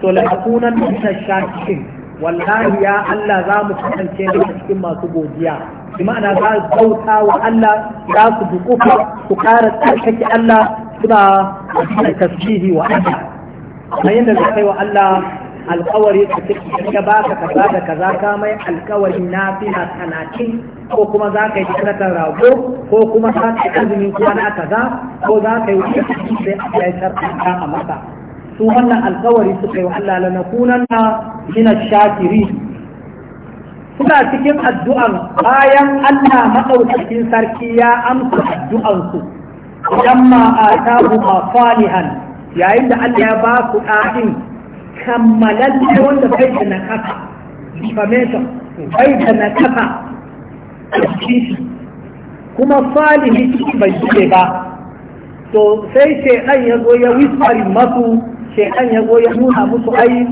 to la akunan min shakirin wallahi ya Allah za mu kasance daga cikin masu godiya bi ma'ana za su bauta wa Allah za su dukufa su kara tsarkake Allah suna tasbihi wa Allah kamar yadda zai kai wa Allah alkawari da take ka baka kaza da kaza ka mai alkawari na fina talatin ko kuma za ka yi sadakan rago ko kuma za ka yi azumin kuma na kaza ko za ka yi wuce sai a yi sarƙa a maka su wannan alkawari suka yi wa Allah lana kunan na mina shakiri suna cikin addu'an bayan Allah maɗaukakin sarki ya amsa addu'ansu Idan ma a tabu ma falihan yayin da Allah ya ba ku ɗa'in kammalalle wanda bai da kafa information bai da nakasa a kuma fali ciki bai jide ba to sai shaidan ya zo ya wisari masu shaidan ya zo ya nuna musu ai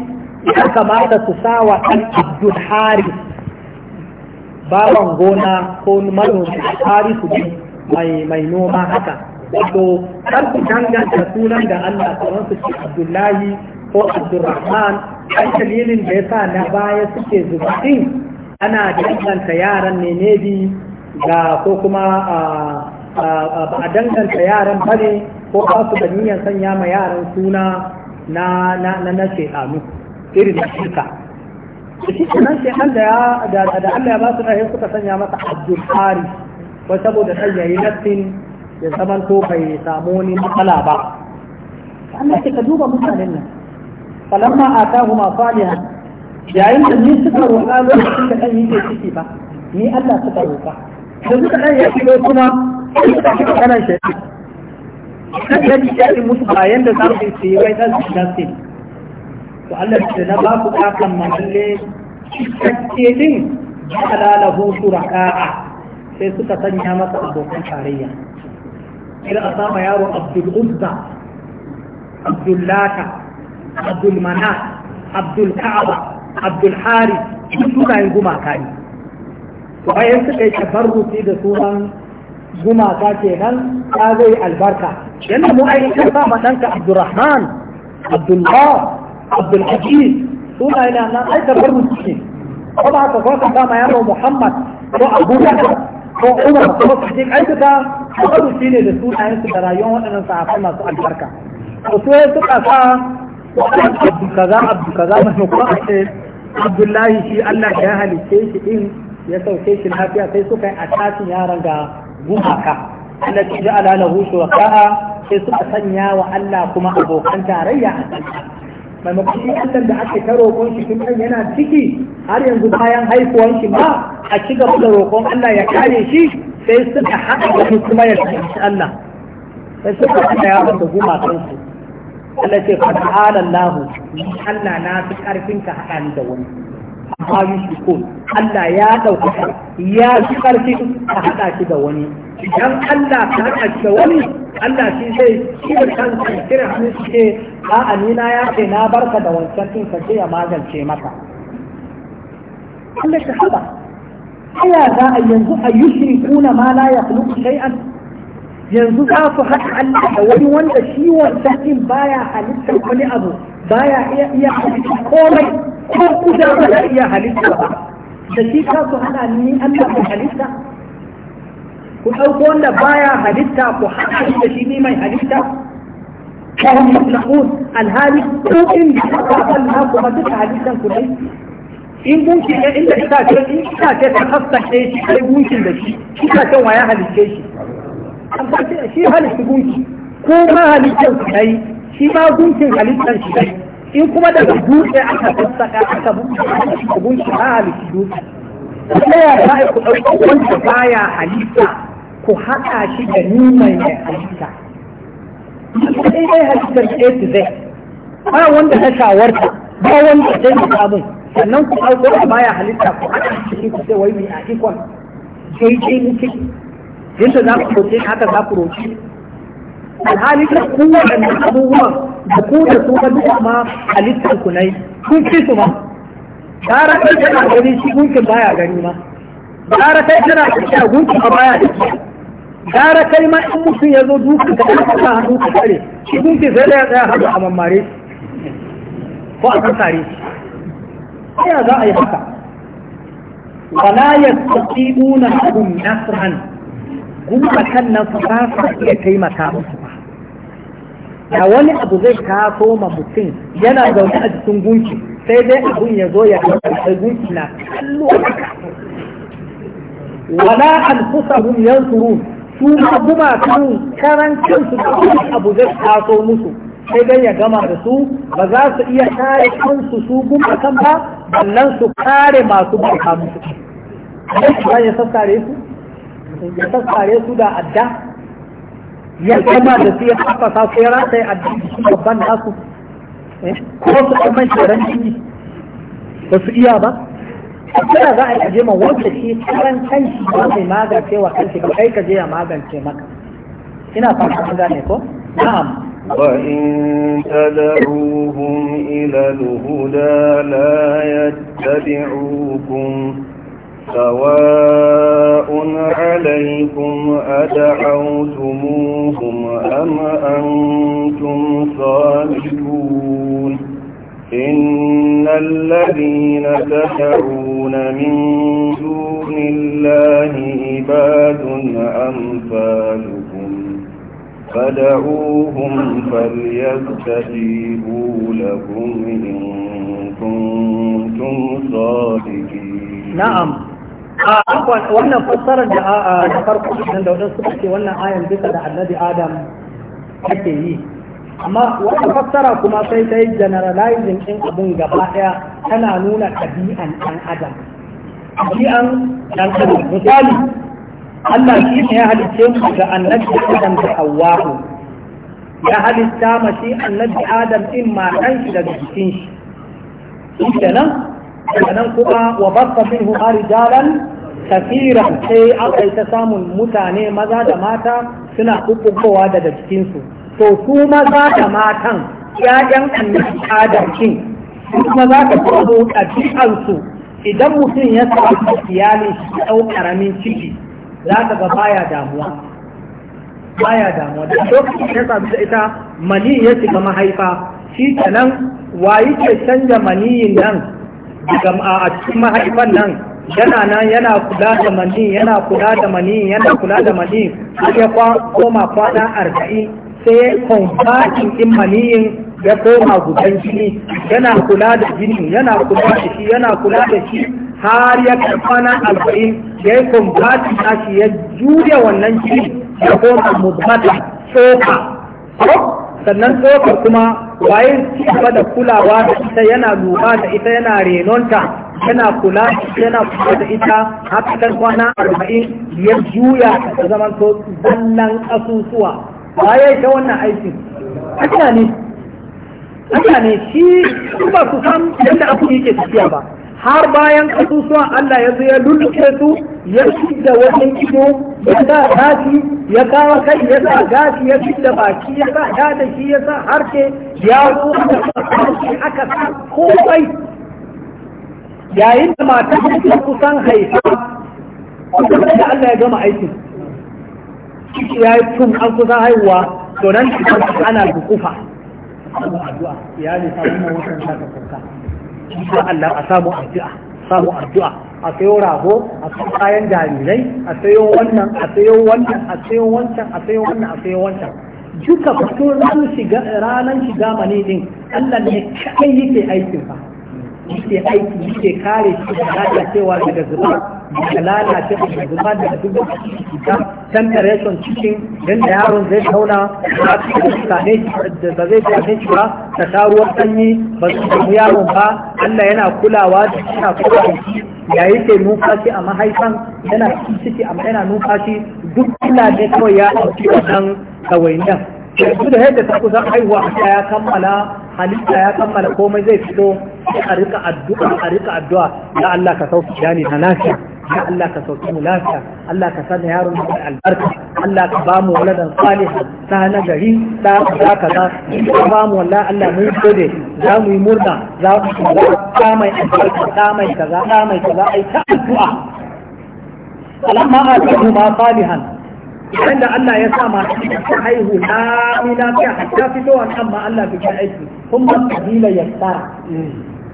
ya kamata su sa wa ɗan abdul haris bawan gona ko manomi harisu ne mai noma haka wato kar ku danganta sunan da Allah kamar su ce Abdullahi ko abdurrahman ai dalilin da yasa na baya suke zuba ana danganta yaran ne ne bi ga ko kuma ba a danganta yaran bane ko ba su da niyyar sanya ma yaran suna na na na na shekaru irin da shirka da shi nan da da Allah ya ba su rahe suka sanya masa abdul hari ko saboda ɗan yayi nassin ya zaman to bai samu ni matsala ba Allah ka duba mutanen nan falamma atahuma salihan yayin da ni suka roƙa lokacin da ɗan yake ciki ba ni Allah suka roƙa da suka ɗan ya shigo kuma suka shiga kanan shaitan kan yadda shaɗin musu bayan da zan yi shi wai ɗan su shi to Allah ce na ba ku ƙasan mamalle cikakke din alalahu suraka sai suka sanya masa abokan tarayya idan a sama yaro abdul uzza abdullata عبد المناع عبد الكعبة عبد الحارث كل سورة إن جمع كاي وبعدين تكيس برضو في سورة جمع كاتينا هذه البركة لأن مو أي سورة مثلا عبد الرحمن عبد الله عبد العزيز سورة إن أنا أي تبرو تكين طبعا تقول كذا ما يا محمد هو أبو بكر هو عمر هو صحيح أي كذا تبرو تكين السورة إن سورة يوم إن سورة ما سورة البركة وسورة كذا abu kaza abu kaza abdullahi shi Allah ya halice shi din ya sauke shi lafiya sai suka yi atasin yaran ga gumaka Allah ya ja'ala lahu shuraka'a sai suka sanya wa Allah kuma abokan tarayya a maimakon shi Allah da ake ta roƙon shi tun kan yana ciki har yanzu bayan haihuwar shi ma a ci gaba da roƙon Allah ya kare shi sai suka haɗa wani kuma ya tsaye Allah sai suka haɗa ya da gumakan su Allah ce fa ta'ala Allah Allah na fi karfin ka hada ni da wani amma ko Allah ya dauka ya fi karfi ka hada shi da wani idan Allah ka hada shi da wani Allah shi zai shi da kansa kira hannu shi ce a'a ni na ya ce na barka da wancan din ka ce ya magance maka Allah ta haba aya za a yanzu a yushrikuna ma la yakhluqu shay'an yanzu za su haɗa Allah wani wanda shi wancan din baya halitta wani abu baya iya iya halittar komai ko kuda ba za iya halitta ba da shi ka su haɗa ni Allah mai halitta ku ɗauko wanda baya halitta ku haɗa shi da shi ni mai halitta kawai mutlaqun alhali ko in da ba Allah kuma duka halittan ku dai in gunki ne eh, inda ita ce in ita ce ta hafsa ce shi kai gunkin da shi ita ce ya halitta shi an ba shi halitta gunki ko ma halittar su dai shi ma gunkin halittar shi dai in kuma daga dutse aka sassaka aka buɗe gunki ma halitta dutse ta ya za a ku ɗauki wanda ba ya halitta ku haɗa shi da ni mai halitta sai dai halittar A ɗaya, Z ba wanda ta shawarta ba wanda ta yi samun, sannan ku ɗauko ba ya halitta ku haɗa shi ku sai wai mai a ikon daidai mutum yadda za ku roƙe haka za ku roƙe alhali da ku waɗannan abubuwan da ku da su kan duka ma halittar ku nai kun fi su ma gara kai tana gani shi gunkin baya gani ma gara kai tana gani a gunkin ba baya da shi gara kai ma in mutum ya zo duka da aka sa hannu ka kare shi gunkin sai da ya tsaya hannu a mammare ko a kan sare ya za a yi haka wala yastati'una hum nasran gumakan nan su ba su iya taimaka musu ba da wani abu zai taso ma mutum yana zaune a jikin gunki sai dai abun ya zo ya kai gunki na kallo wala anfusahum yansurun su ma gumakan karan kansu da wani abu zai taso musu sai dai ya gama da su ba za su iya kare kansu su gumakan ba ballan su kare masu bauta musu. ba ya sassare su? ya sassare su da adda ya kama da su ya sa su ya ya adda su babban nasu eh, ko su ɗan sharan jini ba su iya ba kuma za a yi aje ma wanda shi karan kanshi ba mai magance wa kanshi ba kai ka je ya magance maka ina fata an gane ko na'am وإن تدعوهم إلى الهدى لا يتبعوكم سواء عليكم أدعوتموهم أم أنتم صادقون إن الذين تدعون من دون الله عباد أمثالكم فدعوهم فليستجيبوا لكم إن كنتم صادقين نعم wannan fassarar da a farko idan da wadansu suka ce wannan ayan bisa da annabi adam ake yi amma wata fassara kuma sai ta yi generalizing din abin gaba daya tana nuna ɗabi'an ɗan adam ɗabi'an ɗan adam misali Allah shi ne ya halicce mu ga annabi adam da Hawwa'u ya halitta mashi annabi adam din matan shi daga jikin shi shi kenan sannan kuma wa basta minhu rijalan kafira sai aka yi ta samun mutane maza da mata suna kukukowa daga cikinsu to su maza da matan yayan annabi adam su kuma za ka samu ɗabi'ansu idan mutum ya samu iyali shi ɗau ƙaramin ciki za ka ga baya damuwa baya damuwa da lokacin ya samu da ita mani ya shiga mahaifa shi kenan yi ke canja maniyin nan daga a cikin mahaifan nan yana nan yana kula da mani yana kula da mani yana kula da mani ya koma kwana arba'in sai kwamfatin ɗin maniyin ya koma gudan jini yana kula da jini yana kula da shi yana kula da shi har ya kwana arba'in ya yi kwamfatin shi ya juya wannan jini ya koma mubata tsoka sannan tsokar kuma waye ci gaba da kulawa da ita yana lura da ita yana renonta yana kula yana kula da ita har ta kwana arba'in ya juya ta zaman to zallan asusuwa. ba ya yi ta wannan aikin ajiya ne ajiya ne shi ba su san yadda abu yake tafiya ba har bayan asusuwa Allah ya zo ya lulluke su ya da wajen ido ya sa gashi ya kawo kai ya sa gashi ya da baki ya sa da shi ya sa harke ya zo aka sa komai yayin da mata ta kusan haifa kusan da Allah ya gama aikin ciki ya yi tun an kusan haihuwa to nan ana dukufa addu'a ya ne samu na watan sa ka kuka Allah a samu addu'a samu addu'a a sayo rago a sayo kayan jarirai a sayo wannan a sayo wannan a sayo wancan a sayo wannan a sayo wancan duka fito ranar shiga ranar shiga mani din Allah ne kai yake aikin sa ni aiki ni kare shi da cewa daga zuba da lalace da zuba da duk wata cuta temperature cikin yadda yaron zai tauna ba su da zai sane shi ba ta taruwar sanyi ba su samu yaron ba Allah yana kulawa da suna na kula da shi yayi ke numfashi a mahaifan yana ciki amma yana numfashi duk kula ne kawai ya ɗauki wannan kawai nan yanzu da yadda ta kusan haihuwa a ya kammala halitta ya kammala komai zai fito a rika addu'a a rika addu'a ya Allah ka sauki yani na lafiya ya Allah ka sauki mu lafiya Allah ka sanya yaron mu albarka Allah ka ba mu waladan salih ta na gari da za ka za ka ba mu wallahi Allah mu gode za mu yi murna za mu ka mai albarka ka mai kaza ka mai kaza ai ta addu'a alamma aka ma salihan idan da Allah ya sa masu su haihu na mi lafiya hatta fitowa kan ma Allah bi kai aiki kuma sabila ya tsara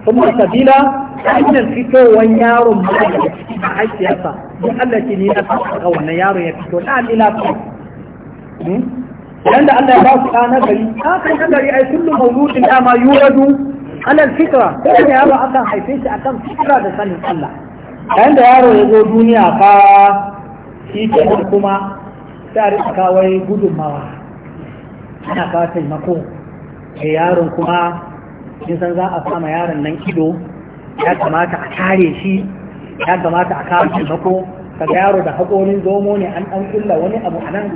kuma sabila hanyar fitowar yaron ma da cikin haifiyarsa duk Allah ke ni na saka wannan yaron ya fito na mi lafiya hmm? idan da Allah ya ba su ɗana gari ta kan gari ai kullum mauludin dama yuradu haife shi a kan أكا da sanin Allah. دسان الله عند يارو يقول دنيا فا شيء kuma. tare a rika kawai gudunmawa ana kawai taimako da yaron kuma in san za a sama yaron nan ido ya kamata a tare shi ya kamata a kawai taimako kaga yaro da haƙorin zomo ne an ɗan ƙulla wani abu a nan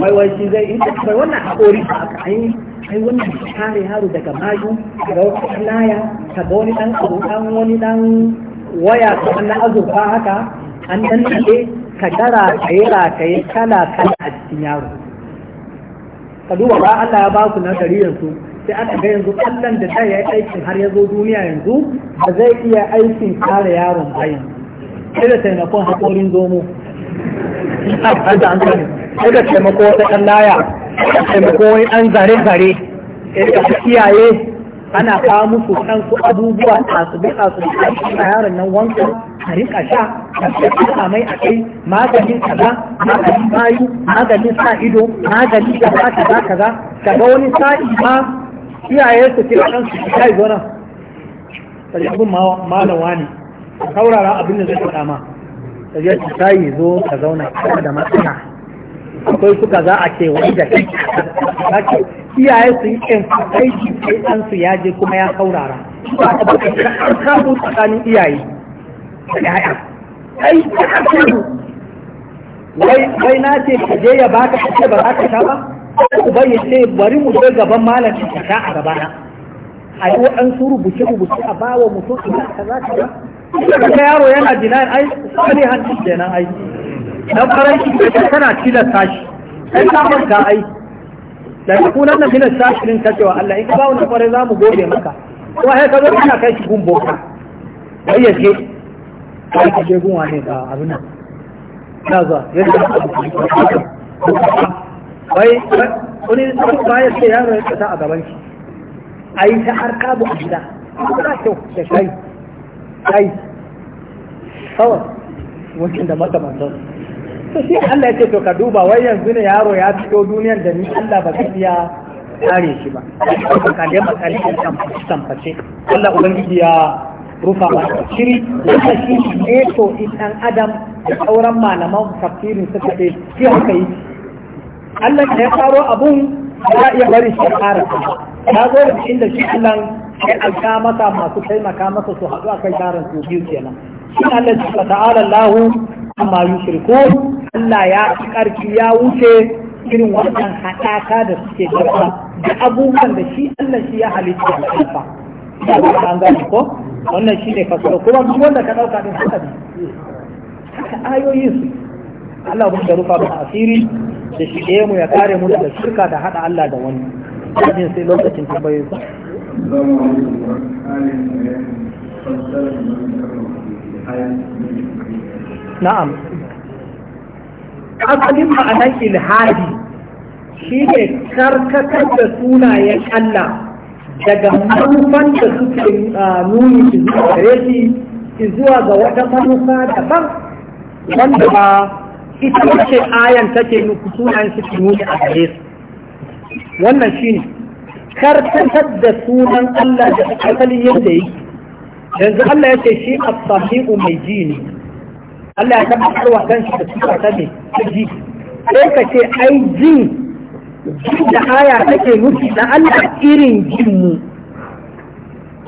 waiwai shi zai yi bai wannan haƙori ba aka ai ai wannan kare yaro daga maju daga wata laya kaga wani ɗan abu ɗan wani ɗan waya kamar na azurfa haka an ɗan naɗe ka ka yi rataye kala kala a cikin yaro ka duba ba Allah ya ba ku nazari yanzu sai aka ga yanzu Allah da ta yi aikin har ya zo duniya yanzu ba zai iya aikin kare yaron ba yanzu sai da taimakon haƙorin zomo sai da taimako wata ɗan laya taimako wani ɗan zare-zare sai da kiyaye ana kawo musu waɗansu abubuwa tasube tasube a cikin yaron nan wanka a rika sha a cikin mai a kai maganin kaza maganin bayu, maganin sa ido maganin kaza kaza kaza kaga wani sa'i ma iyaye su ke ɗan su shiga yi gona sai abin malawa ne saurara abin da zai faɗa ma sai ya ci sa'i zo ka zauna da matsala akwai suka za a ce wani da kai iyaye su yi ɗin aiki sai ɗansu ya je kuma ya saurara ba ta ba ta tsakanin iyaye da ƴaƴa ai ta wai wai na ce ka je ya baka ka ce ba za ka sha ba ba ya ce bari mu je gaban malamin ka sha a gaba na a yi waɗansu rubuce rubuce a bawa mutum ka za ka ba ka yaro yana jina ai salihan kenan ai dan faranci da kana tilasta tashi sai ka manta ai da ku nan da tilasta tashi din kace wa Allah in ka ba wannan kwarai za mu gode maka ko sai ka zo kana kai shi gumbo ka wai ya ce kai ka je gun wane da abin nan na zuwa yadda wai wani ba ya ce yaro ya ta a gaban shi a yi ta arka bu a gida ba kyau da shayi shayi kawai wajen da su. to shi Allah ya ce to ka duba wai yanzu ne yaro ya fito duniyar da ni Allah ba zai iya kare shi ba ka makale makale kan tamface Allah ubangiji ya rufa ba shiri da shi ne to idan adam da sauran malaman tafsirin suka ce shi aka yi Allah ya faro abun ya iya bari shi fara ya zo da inda shi Allah sai an ka masa masu taimaka masa su haɗu a kai tarin su biyu kenan shi Allah subhanahu wa ta'ala lahu amma yushriku Allah ya fi ƙarfi ya wuce irin wannan haɗaka da suke gaba da abubuwan da shi Allah shi ya halitta da kafa Ya ba an gane ko wannan shi ne fasara kuma duk wanda ka ɗauka da haka ne haka ayoyin su Allah mun da rufa a asiri da shi ɗaya mu ya kare mu daga shirka da haɗa Allah da wani kajin sai lokacin tambayoyi ku. Assalamu alaikum na'am asalin ma'anar ilhadi shi ne karkatar da sunayen Allah daga manufan da suke nuni shi zuwa gare shi zuwa ga wata manufa daban wanda ba ita wace ayan take nufi sunayen suke nuni a gare su wannan shi ne karkatar da sunan Allah da asalin yadda yake yanzu Allah ya ce shi a mai ji ne Allah ya tabbatar wa kanshi da suka ta ne ta ji sai ka ce ai jin jin da aya take nufi da Allah irin jin mu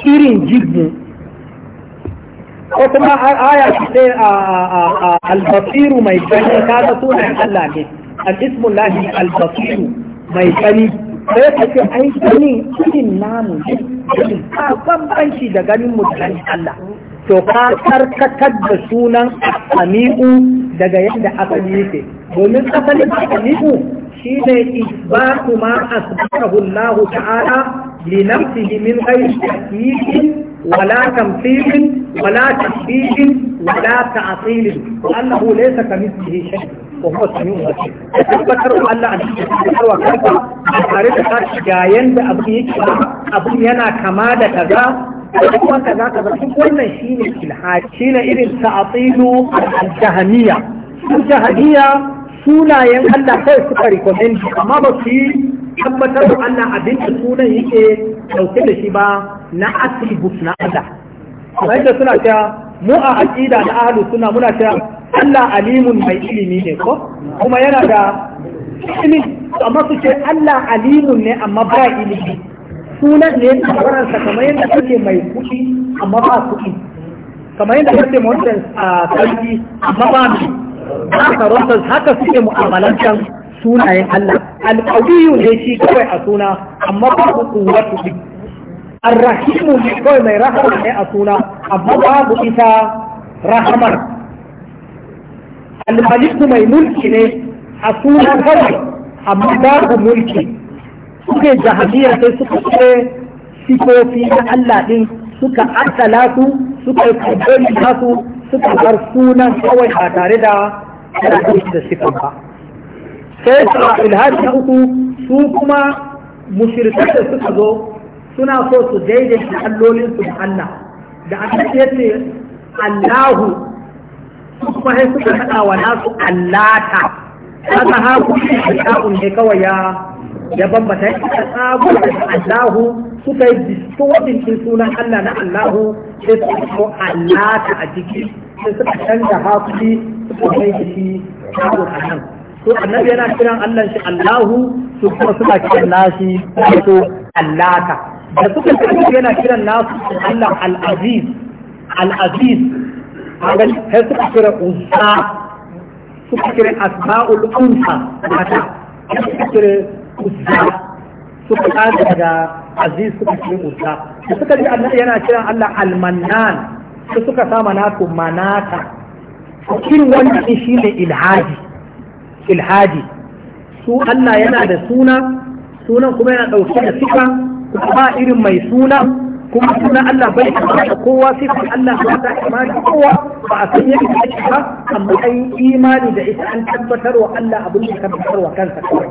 irin jin mu ko kuma aya ce a albasiru mai gani ka ga sunan Allah ne al-ismu lahi albasiru mai gani sai ka ce ai gani irin namu ne ba bambanci da ganin mu da Allah to ka karkatar da sunan asami'u daga yadda asali yake domin asalin asami'u shi ne isbatu ma asbatahu Allah ta'ala li nafsihi min ghairi takyifin wala tamthilin wala tashbihin wala ta'tilin wa annahu laysa kamithlihi shay'un وهو سميع بصير تذكر الله ان تذكر وكذا tare da ka shiga yanda abu yake abu yana kama da kaza da kuma ka za ka ba duk wannan shi ne ilhaji shi ne irin ta'atilu al-jahaniya su jahaniya sunayen Allah kai suka recommend amma ba su yi tabbatar da Allah abin da sunan yake dauke da shi ba na attributes na Allah kamar suna cewa mu a aqida da ahlu suna muna cewa Allah alimun mai ilimi ne ko kuma yana da ilimi amma su ce Allah alimun ne amma ba ilimi sunan ne yake faransa kamar yadda kake mai kuɗi amma ba kuɗi kamar yadda kake mutum a sarki amma ba mu haka rosas haka suke mu'amalancan sunayen Allah alƙawiyu ne shi kawai a suna amma ba ku kuwa kuɗi arrahimu ne kawai mai rahama ne a suna amma ba ku isa rahamar almaliku mai mulki ne a suna kawai amma ba ku mulki suke jahamiya sai suka ce sifofi na Allah ɗin, suka akala su suka yi kogoli su, suka bar sunan kawai ba tare da yana da sifan ba sai su ilhaji na uku su kuma mushirkai da suka zo suna so su daidaita allolin su da Allah da ce yace Allahu su kuma sai suka kada wa nasu Allata kaga ha ku shi ne kawai ya ya bambata ita tsago da Allahu suka yi distorting din sunan Allah na Allahu sai su ko Allah a jiki sai suka canza hakuri suka kai da shi tsago a nan to annabi yana kiran Allah shi Allahu su kuma suka kiran nashi wato ta. da suka kiran yana kiran nasu Allah Al-Aziz Al-Aziz hagan sai suka kira Unsa suka kira Asma'ul Unsa mata suka kira uzza suka tsada da aziz suka ce da suka ji annabi yana kiran Allah almannan su suka sama nasu manata irin wannan shi ne ilhadi ilhadi su Allah yana da suna sunan kuma yana ɗauke da sifa kuma ba irin mai suna kuma suna Allah bai kamata kowa sai sifar Allah ba ta kamata kowa ba a san yadda take ba amma an imani da ita an tabbatar wa Allah abin da tabbatar wa kansa kawai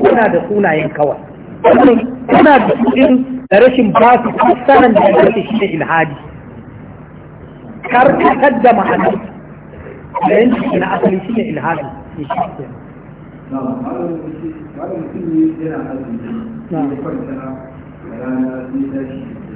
Suna da sunayen kawai kuna da sunayen da rashin ba su fassaran da ya ce shi ne ilhadi karkatar da ma'anar da yanki na asali shi ne ilhadi ne shi ke Na'am.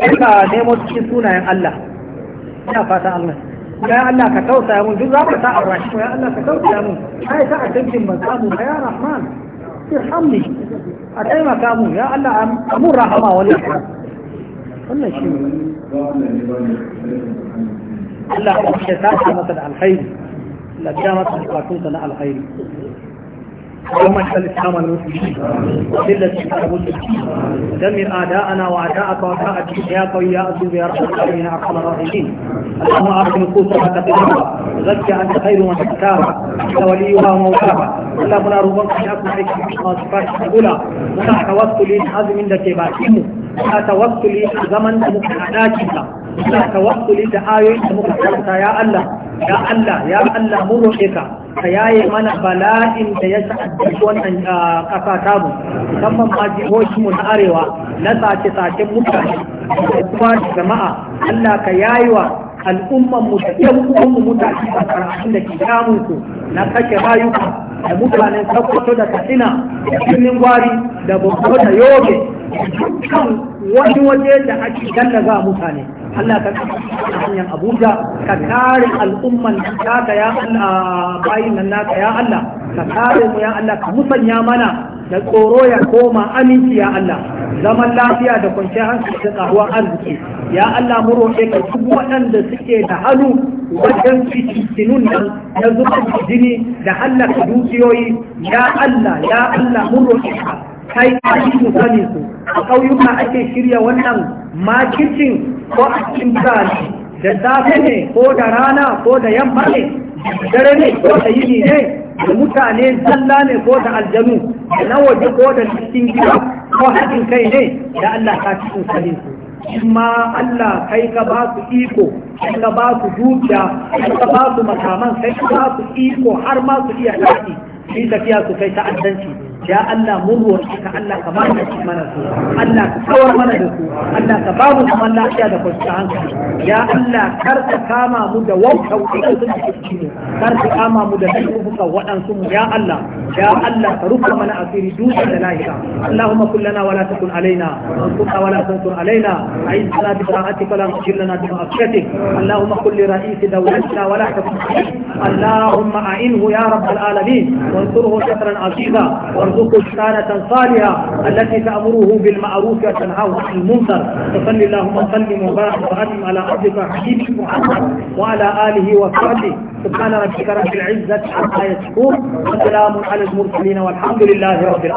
ka nemo cikin sunayen Allah ina fata Allah ya Allah ka tausaya mun duk za ya Allah ka tausaya mun ai ta ban samu ya rahman irhamni a taimaka ya Allah rahama wannan shi ne Allah ya sa masa da alkhairi Allah ya masa na alkhairi اللهم اجعل الاسلام المسلمين وذل الشرك المسلمين دمر اعداءنا واعداءك واعداء الدين يا قوي يا عزيز يا رب العالمين ارحم الراحمين اللهم اعط نفوسنا تقواها زكى انت خير من زكاها انت وليها ومولاها اللهم لا ربما شاءت عليك صفات الاولى ولا توسل للعزم لك باكيمو ولا توسل لزمن مكاناتك ولا توسل لآية مكاناتك يا الله يا الله يا الله مروحك ka yaye mana bala'in da ya ta'addashi wannan ƙasa ta mu musamman ma jihohi mu na arewa na sace sace mutane da kuma jama'a Allah ka yayi wa al'umman mu da ƴan uwan mu mutane a karatun da ke samun su na kashe rayuka da mutanen sakkwato da katsina da birnin gwari da babba da yobe dukkan wani waje da ake gallaza mutane Allah ka kare hanyar Abuja ka kare al'umman naka ya Allah bayin nan naka ya Allah ka kare mu ya Allah ka musanya mana da tsoro ya koma aminci ya Allah zaman lafiya da kwanciyar hankali da karuwar arziki ya Allah mu roƙe ka duk waɗanda suke da hannu wajen fitinun nan na zuba jini da hallaka dukiyoyi ya Allah ya Allah mu roƙe ka kai a yi musani su a ma ake shirya wannan makicin ko a cikin birane da safe ne ko da rana ko da yamma ne dare ne ko da yini ne da mutane zalla ne ko da aljanu da na waje ko da cikin gida ko haɗin kai ne da Allah ta ci musani su ma Allah kai ka ba su iko kai ka ba su dukiya kai ka ba su makaman kai ka ba su iko har ma su iya tafi shi tafiya su kai ta'addanci ya Allah mun roƙe ka Allah ka ba mu mana su Allah ka kawar mana da su Allah ka ba mu zaman lafiya da kwanciyar hankali ya Allah kar ka kama mu da wauta wadansu da cikin kar ka kama mu da dukkan waɗansu mu ya Allah ya Allah ka rufa mana asiri dukkan da lahira Allahumma kullana wala takun alaina wansurna wala tansur alaina a'izzana bi ta'atik wala tushir lana bi ma'asiyatik Allahumma kulli ra'is dawlatina wala takun اللهم أعنه يا رب العالمين وانصره شكرا عزيزا وارزقه شانة صالحة التي تأمره بالمعروف وتنهاه عن المنكر فصل اللهم وسلم وبارك وأنم على عبدك حبيبك محمد وعلى آله وصحبه سبحان ربك رب العزة عما يصفون وسلام على المرسلين والحمد لله رب العالمين